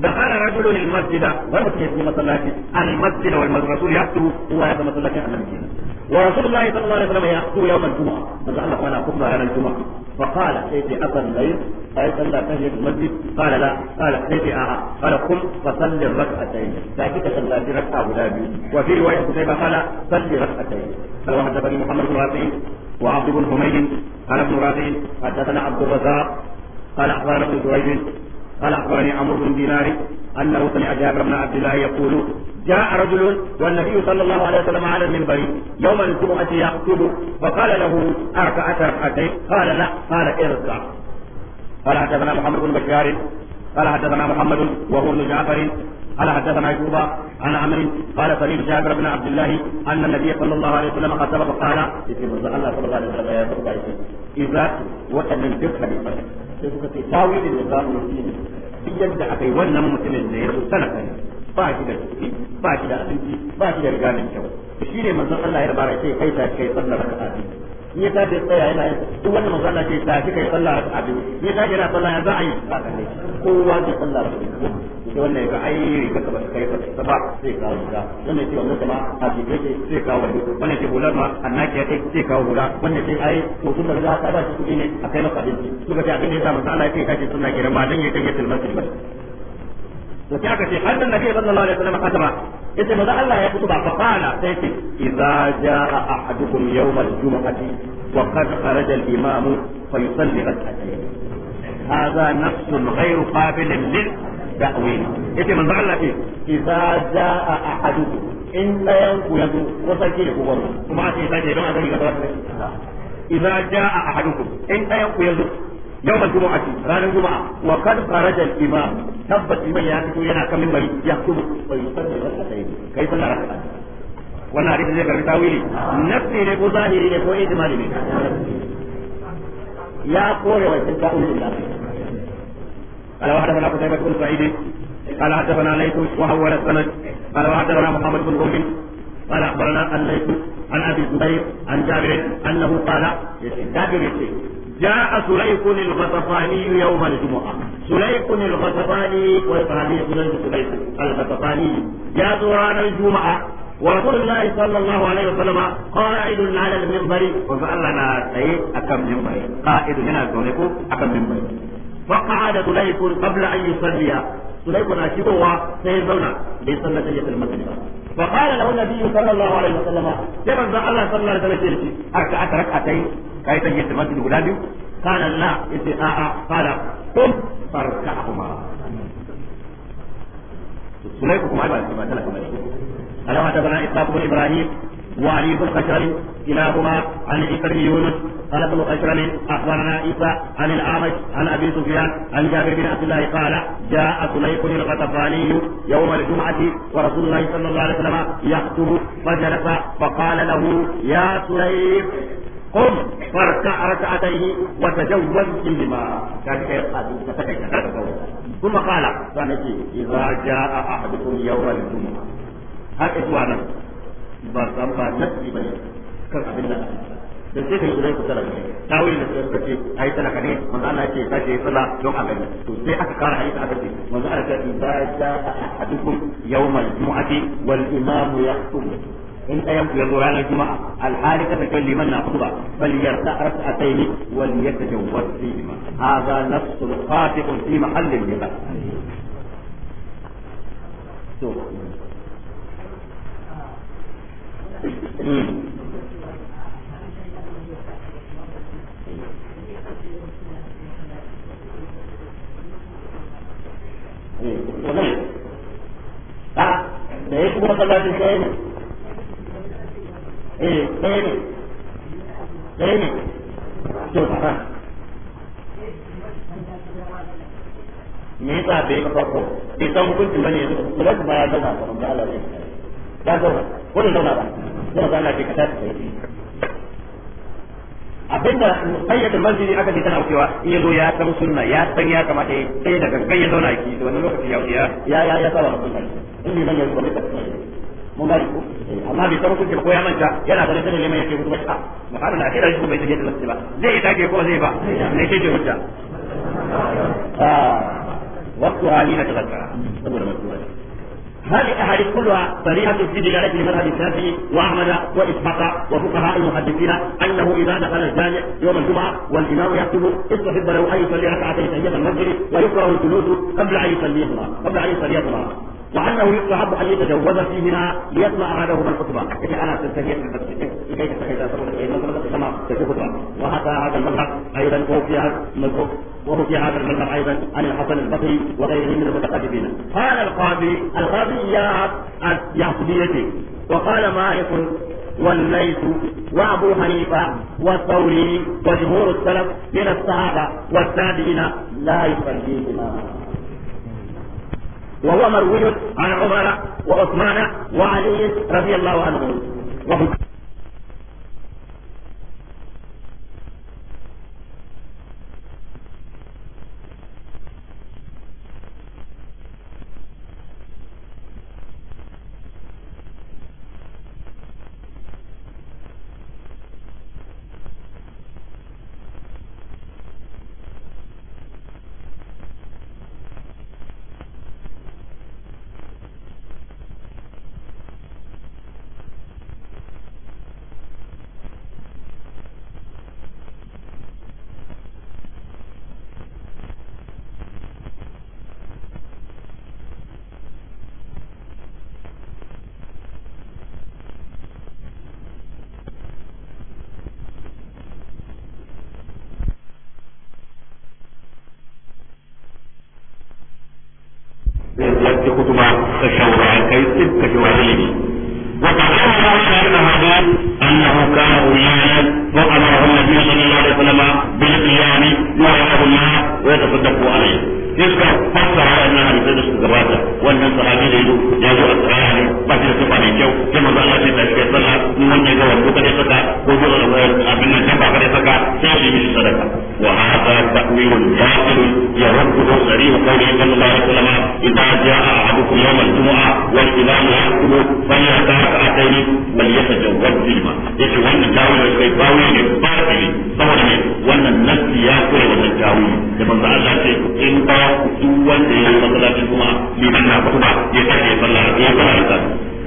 S1: دخل رجل المسجد ورسل في مصلاته المسجد والرسول يكتب هو هذا مصلاته على المدينه ورسول الله صلى الله عليه وسلم يخطب يوم الجمعه فسال وانا خطبه على الجمعه فقال سيدي اصل الليل قال صلى تهجد المسجد قال لا قال سيدي اه قال قم فصل الركعتين لكنك صلى ركعه ولا وفي روايه قتيبه قال صل ركعتين قال وحدثني محمد بن رافع وعبد بن حميد قال ابن رافع حدثنا عبد الرزاق قال اخبرنا ابن جريج قال اخبرني عمرو بن دينار انه سمع جابر بن عبد الله يقول جاء رجل والنبي صلى الله عليه وسلم على المنبر يوم الجمعه يخطب فقال له اركعت ركعتين قال لا قال اركع قال حدثنا محمد بن بشار قال حدثنا محمد وهو بن جعفر قال حدثنا يوبا عن عمر قال سمعت جابر بن عبد الله ان النبي صلى الله عليه وسلم خطب فقال الله صلى الله عليه وسلم اذا النظام المسلم aka wannan mutumin da ya zo sanaka ne ba shi da ciki ba shi shi ne manzon Allah ya rabara sai kai ta kai sallar raka'a in ta ce tsaya yana yin duk wanda manzo Allah ce tafi kai sallah a biyu in ta ce yana sallah ya za a yi ba ka ne kowa ke sallah a biyu wannan ya ga ai riga ka ba ta kai ba ba sai kawo riga wannan ce wannan kuma a ji ke sai kawo wani wannan ce hular ma annaki ya ce sai kawo hula wannan ce ai to tun da za ka ba shi kuɗi ne a kai masa abinci suka ce abin da ya samu manzo Allah ya ce kace sunna kenan ba dan ya kai ya tilmasi ba to sai aka ce annan nabi sallallahu alaihi wasallam kataba yace maza Allah ya kutuba fa kana sai ce idza jaa ahadukum yawm al-jum'ati wa qad kharaja al-imamu fa yusalli rak'atayn hadha nafsun ghayru qabilin lil ta'wil yace manzo Allah ce idza jaa ahadukum in dayan ku yazo ko sake ku gwamnati kuma sai sai don a in ku Yau yawmal jumu'ati ranar juma'a wa kad kharaja al-imam tabbat ya fito yana kan minbari ya kuma wa yusalli rak'atayn kai sallar rak'a wannan hadisi zai karbi tawili nafsi ne ko zahiri ne ko ijmali ne ya kore wa cikin ta'ul illa قال وحدثنا قتيبة بن سعيد قال حدثنا ليث وهو السند قال وحدثنا محمد بن رمح قال اخبرنا الليث عن ابي الزبير عن جابر انه قال جابر جاء سليق الغطفاني يوم الجمعة سليق الغطفاني والصحابي سليق الغطفاني جاء دوران الجمعة ورسول الله صلى الله عليه وسلم قائد على المنبر لنا سيد أكم منبر قائد هنا سليق أكم منبر فقعد سليق قبل أن يصلي سليق ناشبه سيزونا سيد المغرب فقال له النبي صلى الله عليه وسلم يا من الله صلى الله عليه وسلم أركعت ركعتين كي تجد المسجد ولادي قال لا استطاع قال قم فاركعهما سليكم ما يبقى كما تلك ألا ما تبنى إسحاق بن إبراهيم وعلي بن خشرم كلاهما عن عكرم يونس قال ابن خشرم اخبرنا عيسى عن الاعمش عن ابي سفيان عن جابر بن عبد الله قال جاء سليق الغطفاني يوم الجمعه ورسول الله صلى الله عليه وسلم يخطب فجلس فقال له يا سليق قم فاركع ركعتيه وتجوز بهما ثم قال إذا جاء أحدكم يوم الجمعة هل إخوانا ba san ba nasi bane kan abin da da sai kai idan ku tsara ta wuri da sai kace ai tsara kane manzo Allah yake kace tsala don abin to sai aka kara hadisi aka ce manzo Allah ya ba ja ahadukum yawmal jumu'ati wal imam yaqtum in ɗayan ku yanzu ranar juma'a alhali ka tafi liman na kutuba bal yarta rak'atayn wal yatajawwaz fihima hadha nafsul qati'un fi mahallin liqa a da ya kuma masallacin ɗaya ne ba me ka su zauna ba ya zauna ko zauna ba sai ga Allah ke kata ta sauki abinda sayyatul manzili aka ji tana cewa in ya san sunna ya san ya kamata sai da gangan ya zauna ki wannan lokaci ya ya ya ya saba sunna in ne yanzu mun bari ko amma bai san kuke ko ya manta yana ganin sanin neman yake mutuwa ta makarin da ah, akira shi ko bai tafi da lafiya ba zai ko zai ba ne ke hujja ah wasu halina na zakara saboda mutuwa هذه الاحاديث كلها صريحه في دلاله المذهب الشافعي واحمد واسحاق وفقهاء المحدثين انه اذا دخل الجامع يوم الجمعه والامام يكتب استحب له ان يصلي ركعتين تحيه المسجد ويكره الجلوس قبل ان يصليهما قبل ان يصليهما وأنه يستحب أن يتجوز فيهما ليسمع أحدهما الخطبة إذا أنا تنتهي من المسجد لكي تستهيئ كما تشوفها وهذا هذا المذهب أيضا هو في هذا المذهب وهو في هذا المذهب أيضا عن الحسن البصري وغيره من المتقدمين قال القاضي القاضي يا يعقوبيتي وقال مالك والليث وابو حنيفه والثوري وجمهور السلف من الصحابه والتابعين لا يصليهما. وهو مروي عن عمر وعثمان وعلي رضي الله عنهم وهم wata kutuba ka shawara kai tsib ka ji wani ne وقال شاهد هذا انه كان غلاما وامره النبي صلى الله عليه وسلم بالقيام ويعرف الماء ويتصدق عليه iska fassara wannan hadisai da suka gabata wannan sahabi da yazo ya zo a tsaya ne ba shi da sifa mai kyau sai manzo Allah ya tashi ya sallah mun wannan ga wanda kada saka ko ko abin nan kan ba kada saka sai shi mishi sadaka wa hadha ta'wilun batil yaruddu sarih qawli sallallahu alaihi wasallam idza jaa ahadukum yawm al-jum'a wal imam yaqulu falyata atayni bal yatajawwaz zilma yace wannan tawilin kai tawilin ne batili saboda ne wannan nasi ya kure wannan tawilin da manzo Allah ce in ba ku duk wanda ya yi masalacin kuma mai dana ku ba ya kashe falla ya fara ta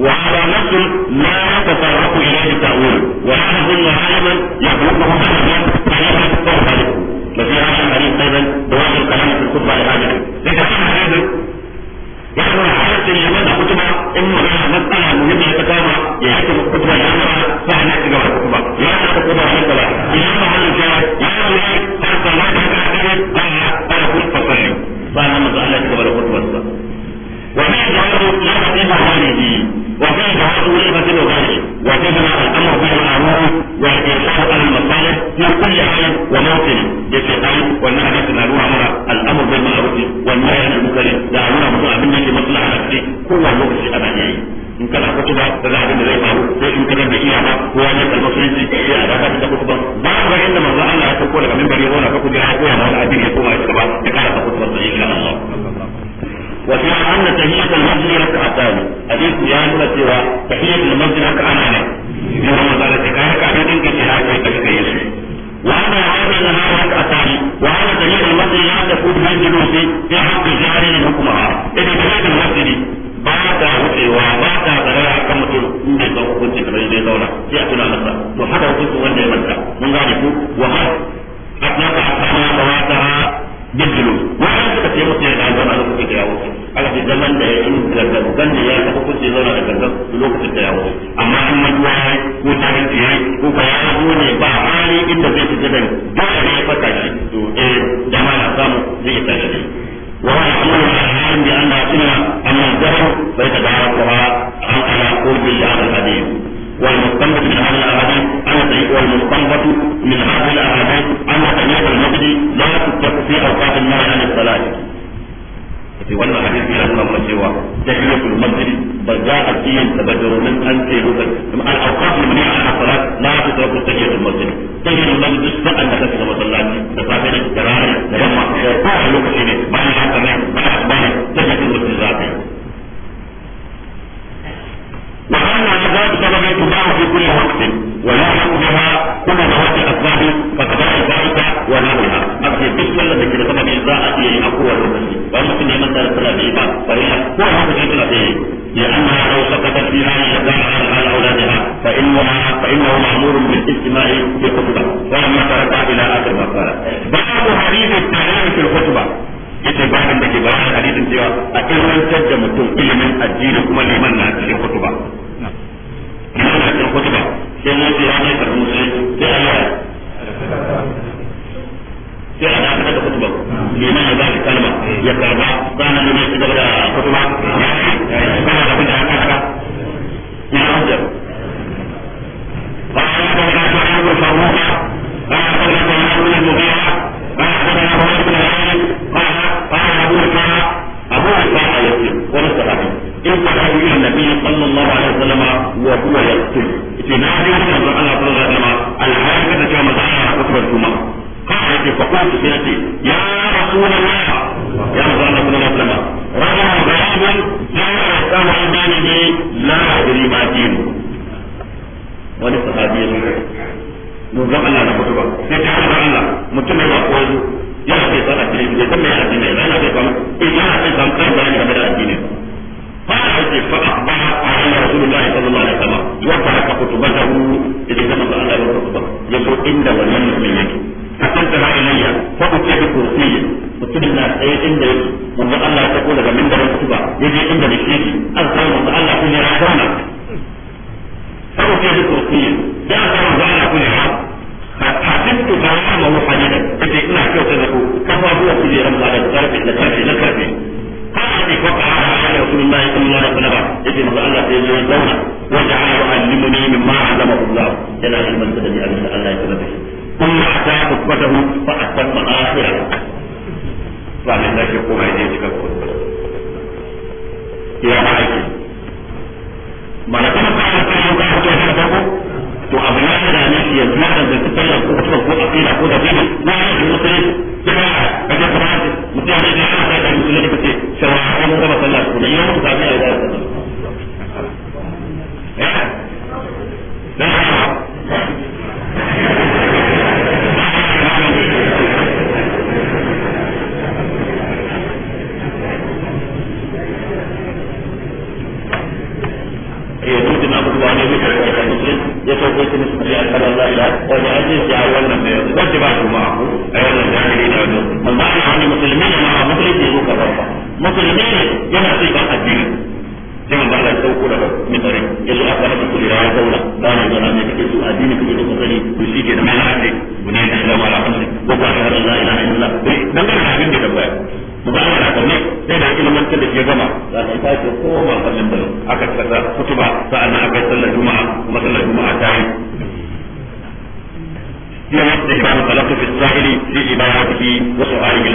S1: wa ala nafsin na ci kuma ya kuma ya kuma ya ya kuma ya kuma ya kuma ya kuma ya kuma bayan manzo Allah ya gaba da khutbarsa وفي جهاد لفظ خارجي وفي جهاد لفظ الغالي وتجمع الامر بالمعروف والاحسان على المصالح في كل حال وموطن للشيطان والنهي عن الامر الامر بالمعروف والنهي عن المنكر دعونا بطاعه منك مصلحه كل يوم في ابديه in kana kutu ba da za a da zai faru sai in kana da iya ba ko wani kalmar sunci iya da ka ta kutu ba ba ga inda manzo Allah ya sauko daga minbari ya zauna ka kudu ya koya mana addini ya koma ya shiga ya kara ta kutu ba sai insha Allah وفي أن تحية المسجد ركعتان حديث يا ta سوى تحية المسجد ركعتان يوم قال تكاية كعبين كتيرا كيف كيف وأنا هذا لها ta وأنا تحية المسجد لا تكون من جنوسي في حق جاري حكمها إذا تحية المسجد ba ta wucewa ba ku ne za ku kunce kamar dai zauna sai a tuna masa to ne la adri ma dinu
S2: wani sahabi ne
S1: mu ga Allah na mutuba sai ta Allah mutum ya ko yi eh, ya ce san addini ne san mai addini ne yana bai san in ya ce san kai ba yana da ne fa ake fa ba akhbara ala rasulullah sallallahu alaihi wasallam wa fa mu idan kana Allah ya rubuta ya zo inda wannan mutum yake fa tantara ilayya fa ce bi sai mutum na tsaye inda wanda Allah ya tako daga min daren kutuba ya je inda da shi an san wanda Allah ku ne ya zauna
S2: sabo ke duk wasu yi da an san wanda Allah ku ne ya
S1: hafin to ga wani mawu hajjida kace ina kyauta da ku kan ba zuwa kujerar ramadan da karfe da karfe na karfe هذه وقع على رسول الله صلى الله عليه وسلم يجب أن الله يجب أن يكون وجعل يعلمني مما علمه الله جلال من تدري أن الله يكون به ثم أتى خطبته فأتى المآخرة sannan da ke koma ya cika ko ya ma aiki mana kuma ba ya kai ba ko ya ba ko to abu ya da ne ya na da da ta ko ko ko akira ko da dini na ya ji mutai kuma ka ga kuma mutai ne ya ka da mutai ne kace shawara ko ba sallah ko ne yau da ne ya da ta.
S2: ya sauko shi musu biya kan Allah ya wani an yi ya wannan mai wanda
S1: ba kuma ku a wannan jahili da wannan amma an wani musulmi ne ma musulmi ne ko kaza musulmi ne yana sai ba addini sai mun Allah sauko da min dare ya zo aka nabi kulli ya zauna da ne da ne kike so addini kike so sani to shi ke da mai ne bunai da Allah wa alhamdulillah wa qala la ilaha illallah dan ga abin da baya mubarak na zaune sai da ilimantar da ke gama za ka ita ce koma sallan da aka kutuba aka sallar juma'a kuma sallar juma'a ta yi في استحباب التلقي في السائل في عبارته وسؤاله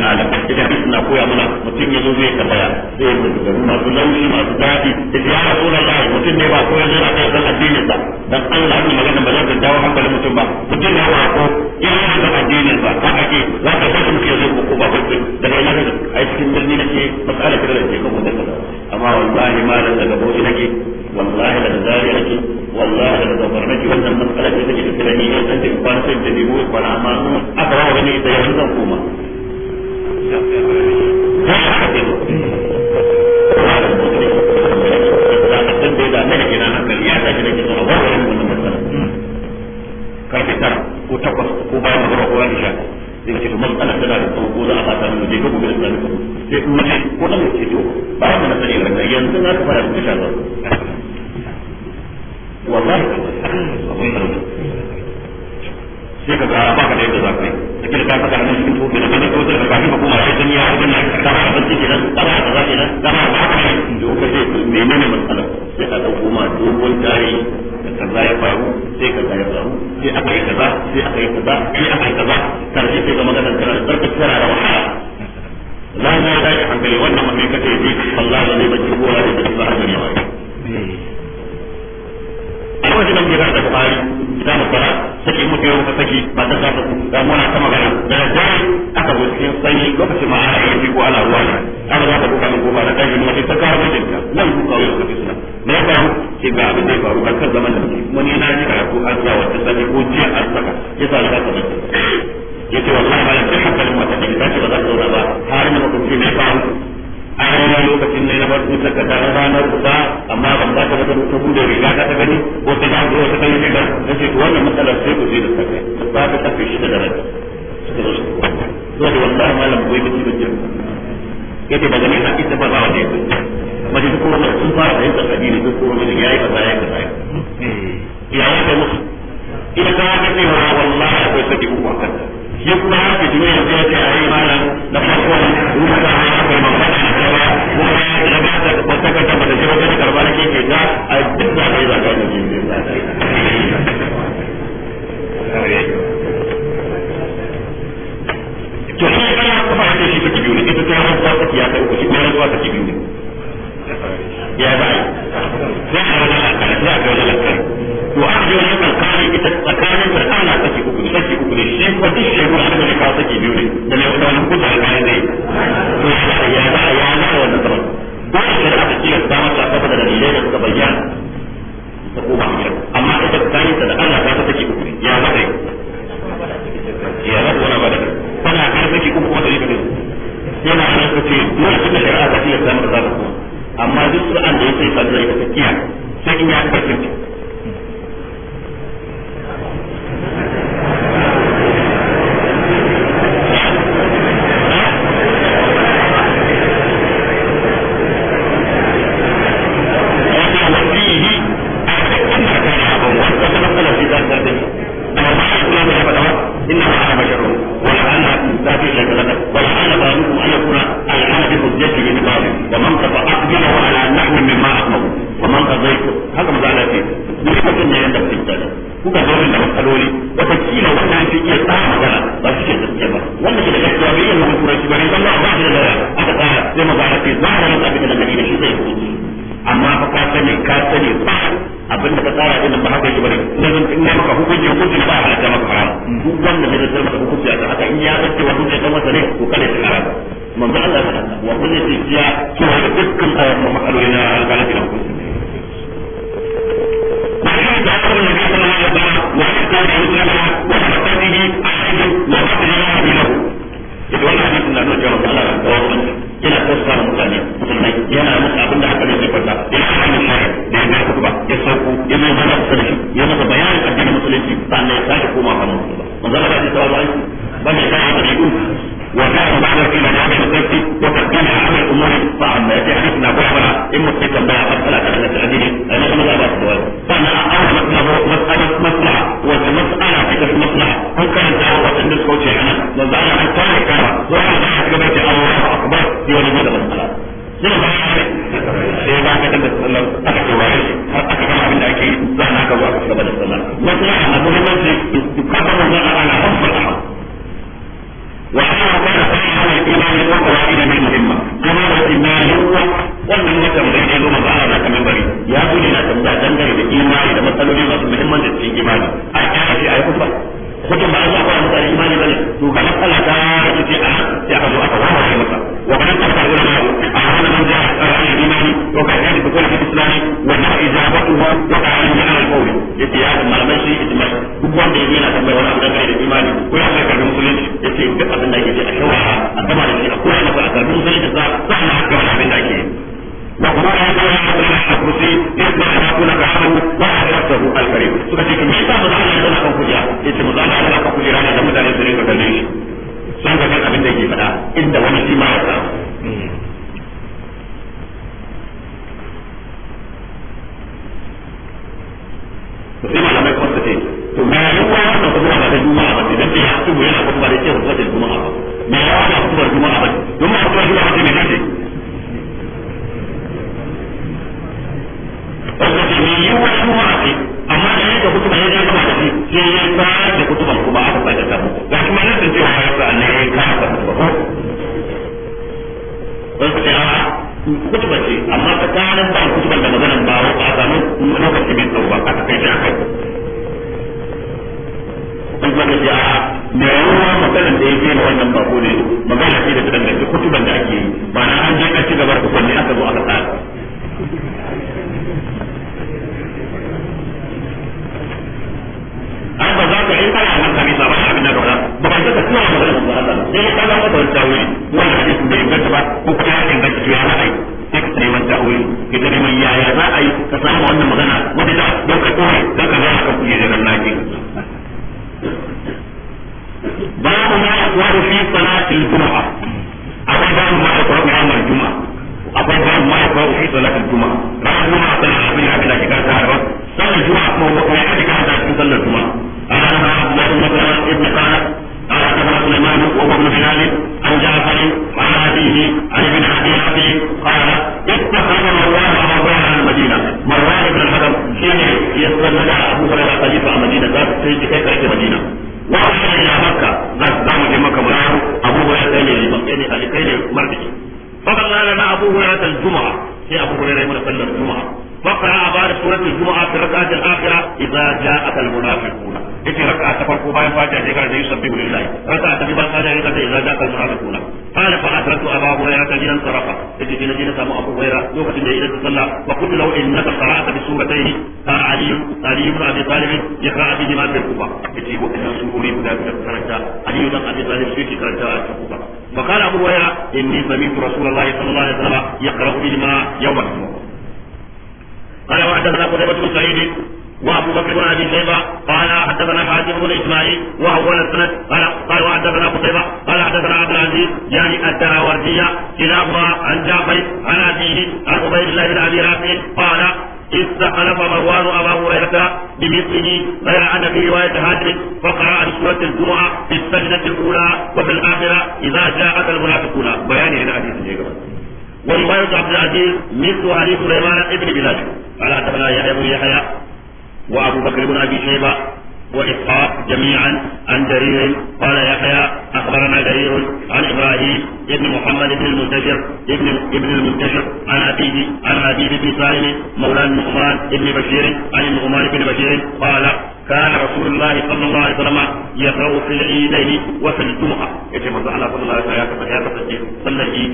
S1: جرير عن ابراهيم ابن محمد بن المنتشر ابن ابن المنتشر عن ابيه عن ابي بن سالم مولى النعمان بن بشير عن النعمان بن بشير قال كان رسول الله صلى الله عليه وسلم يقرا في العيدين وفي الجمعه يجب ان صلى الله عليه وسلم يا رب صلى العيد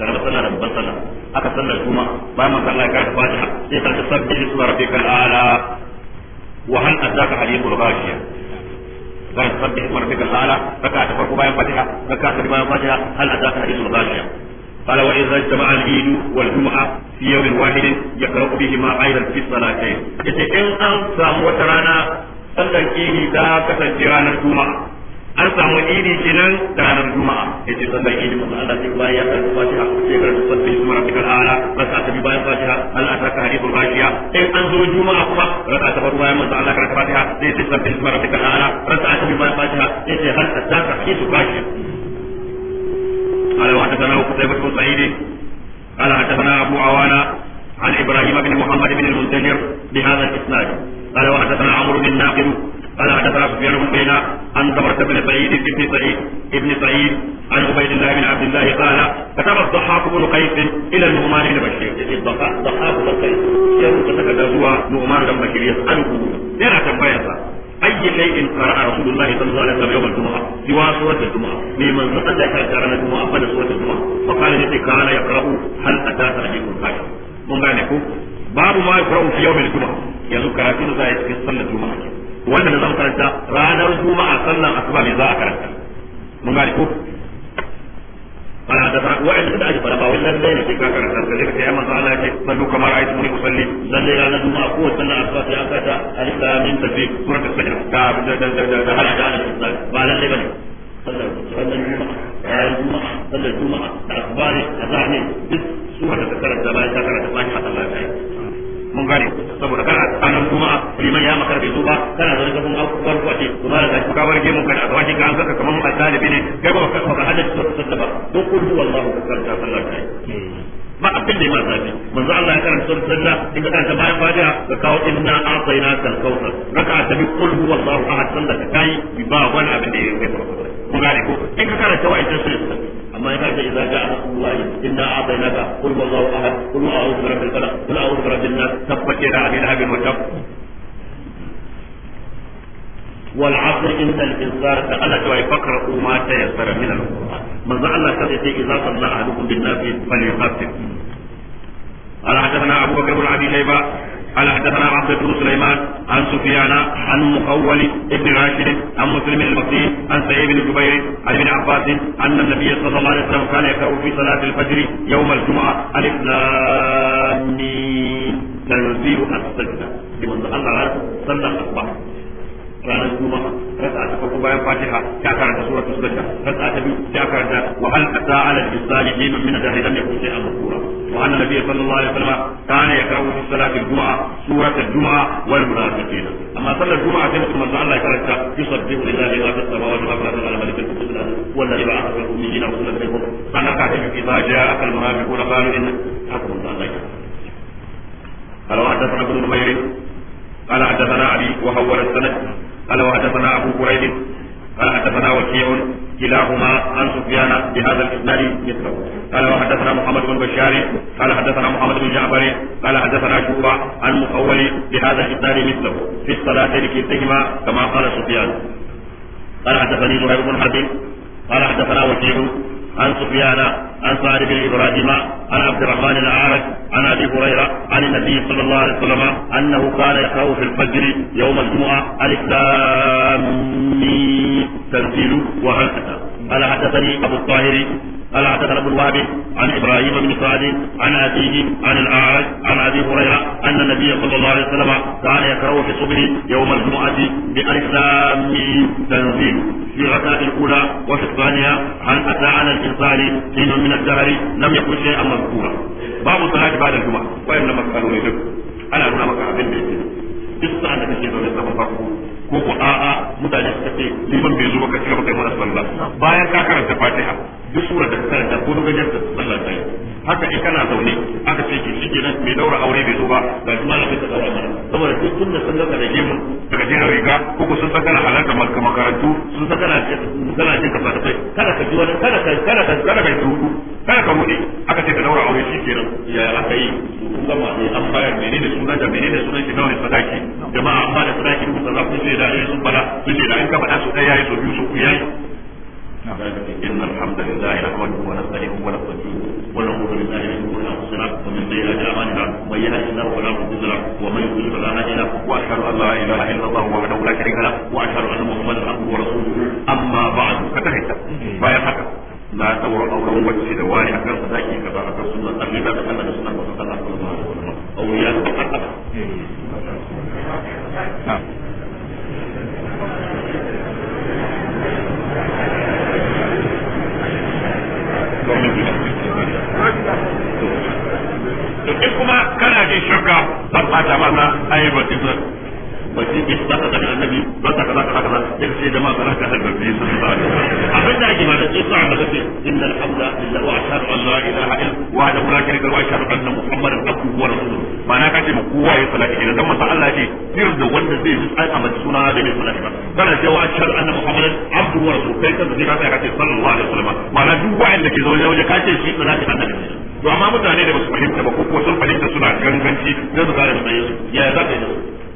S1: tare da sallar babban sallah aka sallar kuma ba man sallah ka da fatiha sai ka sabbi su rabbikal ala wa hal ataka hadithul ghashiya zan sabbi ismar bika ala raka ta farko bayan fatiha raka ta bayan fatiha hal ataka hadithul ghashiya قال وإذا اجتمع العيد والجمعة في يوم واحد يقرأ بهما أيضا في الصلاتين. يتكلم أن سامو ترانا صلى العيد ذاك الجيران الجمعة an samu idi kenan da ranar juma'a yace sallar idi manzo Allah sai bayan ya karanta fatiha sai a'la ta bi bayan in an zo juma'a kuma ta bayan Allah a'la ta bi bayan عن بن محمد بن المنتجر بهذا قال وحدثنا عمرو بن قال حدثنا سفيان بن عن ثمرة بن سعيد بن سعيد بن سعيد عن عبيد الله بن عبد الله قال كتب الضحاك بن قيس النعمان بن بشير الضحاك بن قيس يقول نعمان بن بشير يسأله ranar jum'ah fa da surat babu ma yaqra'u fi yanzu sallar wanda zan karanta ranar juma'a sallan asuba ne za a karanta mun gane ko ana da wa'in da ake fara ba wannan dai ne ka karanta sai ka ya manzo Allah ya ce sallu kama ra'aytu muni usalli lalle ranar juma'a ko sallan asuba sai an karanta alif lam mim tasbih surat as-sajda ta da da da da da da ba lalle bane sallar juma'a ranar juma'a sallar juma'a da asbari azani duk suwar da ta karanta bayan ta karanta bayan Allah ya mun gane saboda kana annan kuma liman ya makar bai zo ba kana zaune gaban alkuwar ko ce kuma da shi ka bar gemu kana da wani kan saka kamar al-talibi ne kai ba ka ka hadda ta ba don kullu wallahu ta sallama a abin da ya masa zafi manzo Allah ya karanta surat sallah in ka karanta bayan fadiya ka kawo inna a'tayna kal kautsar raka ta bi qul huwallahu ahad sallar ka kai ba wani abin da ya yi mun gane ko in ka karanta wa'ita surat amma yana da idza ja'a rasulullahi inna a'tainaka qul wallahu ahad qul a'udhu bi rabbil falaq qul a'udhu bi rabbin nas tabbata da abin habin wa tab wal 'asr inna al insana ta'ala wa yafqaru ma tayassara min al qur'an manzo Allah ta ce قال حدثنا ابو بكر بن ابي شيبه قال حدثنا عبد بن سليمان عن سفيان عن مخول بن راشد عن مسلم المكي عن سعيد بن جبير عن ابن عباس ان النبي صلى الله عليه وسلم كان يقرا في صلاه الفجر يوم الجمعه الف لام تنزيل السجده لمن الله صلى الله عليه وسلم ranar juma'a rasa ta farko bayan fatiha ta karanta suratul sajda rasa ta biyu ta karanta wa hal ala min dahri lam yakun shay'an mazkura wa anna nabiy sallallahu alaihi wasallam kana fi salati al-jum'a jum'a wal munafiqin amma Allah ya karanta yusabbihu lillahi ma fis samawati wa ma fil ardi malikul qudus wallahi ba'a fil ummiyina wa sallallahu alaihi kana munafiquna qalu inna hakum قال وحدثنا ابن نمير قال حدثنا علي وهو السند قال وحدثنا ابو قريب قال حدثنا وكيع كلاهما عن سفيان بهذا الاسناد مثله قال وحدثنا محمد بن بشار قال حدثنا محمد بن جعفر قال حدثنا شعبة عن مخول بهذا الاسناد مثله في الصلاتين كلتهما كما قال سفيان قال حدثني زهير بن حرب قال حدثنا وكيع عن سفيان عن سعد بن ابراهيم عن عبد الرحمن الاعرج عن ابي هريره عن النبي صلى الله عليه وسلم انه كان يقرا في الفجر يوم الجمعه الاسلام تنزيل وهكذا قال حدثني ابو الطاهر قال حدثنا ابو الوهاب عن ابراهيم بن سعد عن ابيه عن الاعرج عن ابي هريره ان النبي صلى الله عليه وسلم كان يكره في الصبح يوم الجمعه بألف لام تنزيل في الركعه الاولى وفي الثانيه هل اتى على الانسان حين من الدهر لم يكن شيئا مذكورا باب الصلاه بعد الجمعه وانما كانوا يدركوا انا هنا مكان بين بيتنا duk sa'an da kake zaune zaman farko ko ko a'a mutane suka ce liman bai zo ba ka cigaba kai mana sallah bayan ka karanta fatiha duk sura da karanta ko dogon gajar su sallah ta yi haka in kana zaune aka ce ki shike nan mai daura aure bai zo ba ga kuma na fita tsara mana saboda duk tun da sun zaka da gemu daga jira riga ko ko sun saka halarta maka makarantu sun saka na kana jin kafa da kai kada ka ji wani kada ka kada ka kana ka tuku kada ka mutu aka ce ka daura aure shike nan ya aka yi kun zama ne an fara menene sunan da menene sunan ki nawa ne sadaki jama'a amma da sadaki ku za ku je da ayyukan bala ku je da an ka faɗa su ɗaya ya so biyu su ku yayi ذلك إن الحمد لله نحمده ونستعينه ونستهديه ونعوذ بالله من شرور أنفسنا ومن سيئات أعمالنا من يهده الله فلا مضل له ومن يضلل فلا هادي له وأشهد أن لا إله إلا الله وحده لا شريك له وأشهد أن محمدا عبده ورسوله أما بعد فتحت بايع حكم لا تورى أولا وجه دواني أكثر صداقي كذا أكثر سنة أبي لا تتمنى سنة وصلى الله عليه وسلم أولياء نعم kuma kana jin shakka ba ta ma ayyuka ba shi bai ba ka da annabi ba ka kaza kaza kaza sai sai jama'a ba ka da annabi sallallahu alaihi abin da ake magana sai sai magana sai inna alhamda lillahi wa ashhadu an la ilaha illa wa la ilaha wa ashhadu anna muhammadan abduhu wa rasuluhu ba na kace ma kowa ya salati idan dan masa Allah ce sirr da wanda zai ji ai suna da bai salati ba kana cewa ashhadu anna muhammadan abduhu wa rasuluhu kai kanka ka ce sallallahu alaihi wasallam ma na duk wanda ke zo waje kace shi salati annabi to amma mutane da ba su fahimta ba ko ko sun fahimta suna ganganci da ya za yi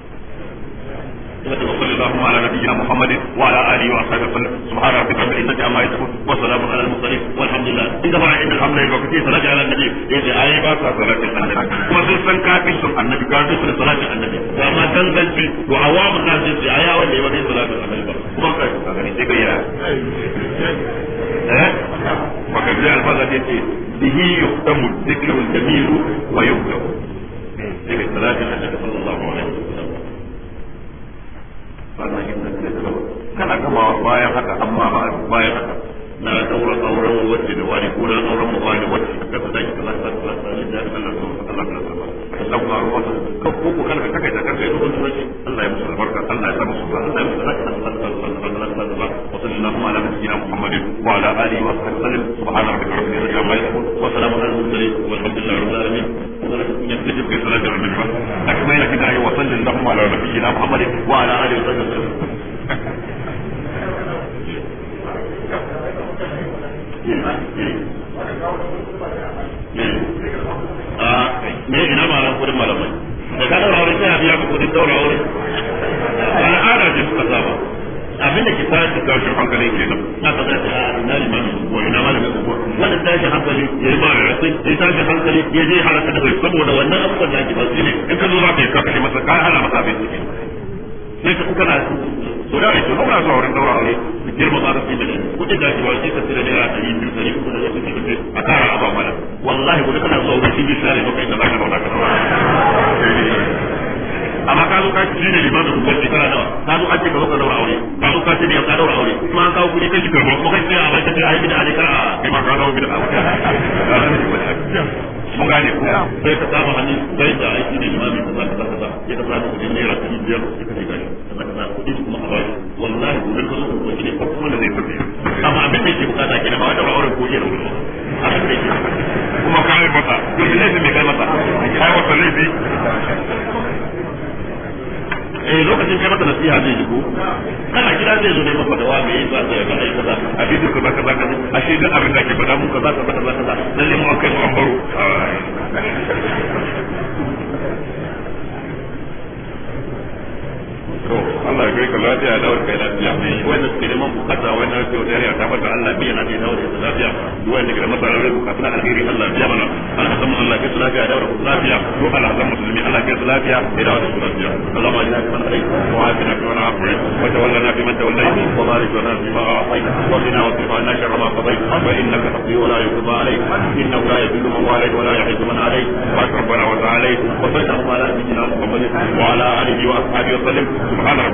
S1: وصل اللهم على نبينا محمد وعلى اله واصحابه وسلم سبحان ربك رب العزه عما يصفون وسلام على المرسلين والحمد لله اذا ما عند الحمد لله وكثير صلاه على النبي يجي اي با صلاه النبي وفي سن كافي سن النبي كان في صلاه النبي وما تنزل في وعوام الناس يجي ايا ولا يبقى صلاه النبي وما كان يجي يا وكان في الفاظ التي به يختم الذكر الجميل ويبدأ. صلاه النبي صلى الله عليه وسلم sannan inganta da kana gama bayan haka amma ba bayan haka na daura auren wacce da wani ko na auren wani wacce ka ta dai Allah ta Allah ta Allah ta ta Allah ruwa ka ko ko kana ka kai da kanka yau wannan shi Allah ya musu albarka Allah ya sa musu ba Allah ya musu albarka wa sallallahu ala nabiyyina Muhammadin wa ala alihi wa sahbihi sallam subhana rabbika rabbil izzati wa salamun ala mursalin walhamdulillahi rabbil alamin نستجب لصلاة رب وصل اللهم على نبينا محمد وعلى آله وصحبه me ina ma ran kudin malamai da ka daura aure sai a biya ku kudin daura aure al'ada ce suka saba abinda ke sa shi tashi hankali ke nan na ta tashi a ah, ina ne ko ina malamai ko wanda tashi hankali ya yi ba ya sai ya tashi hankali ya je halaka da saboda wannan abubuwan da ake ba su ne in ka zo za ka yi kafa masa ka hana masa abin cikin sai ka kana to da ake kuma zuwa wurin daura aure su girma ba su da shi kuɗin da ake wa shi tafsira ne a ɗari biyu ɗari uku da wasu ɗari a tara a ba mana wallahi gobe kana zuwa wurin shi bi sare ba kai da ba ka zauna ka zauna amma ka zo ka ci ne da kuma ce kana nawa ka zo an ce ka zo ka daura aure ka zo ka ce ne ka daura aure kuma an kawo kuɗi kai shi karɓa kuma kai ce a bakin da bi da alika a kai ma ka kawo bida a wajen mun gane ko sai ka samu hannu sai da aiki ne limami ka zaka zaka za ya tafi da kudin naira ɗari biyar ka ce gashi ka zaka zaka kudi kuma a bashi wallahi gobe ka zo ko ne ko kuma da zai fita amma abin da yake bukata kenan ba wanda ba auren ko iya da wuri abin da yake kuma kai masa duk ne mai kai masa kai masa laifi eh lokacin kai mata nasiha zai jigo kana kira zai zo ne maka da wa ba yasa sai ka aika kaza. a da ka baka ka a shi da abin da ke faɗa mu kaza kaza kaza kaza lalle mu akai mu ambaro to Allah ya ka lafiya da warka lafiya wanda suke neman bukata wanda suke wata yare ta fata Allah biya lafiya da warka lafiya wanda ke da masarar bukata na alheri Allah biya mana Allah san Allah ke lafiya da warka lafiya to Allah san musulmi Allah ke lafiya da warka lafiya Allah ma ina kuma alai wa afina fi wa afina wa tawallana fi man tawallai wa barik lana fi ma a'taita wa qina wa qina anna sharra ma qadayt wa innaka taqdi wa la yuqda alayk innahu la yadhillu man walayt wa la yuhibbu man alayt wa rabbana wa ta'ala wa sallallahu ala nabiyyina Muhammadin wa ala alihi wa ashabihi wa sallam subhana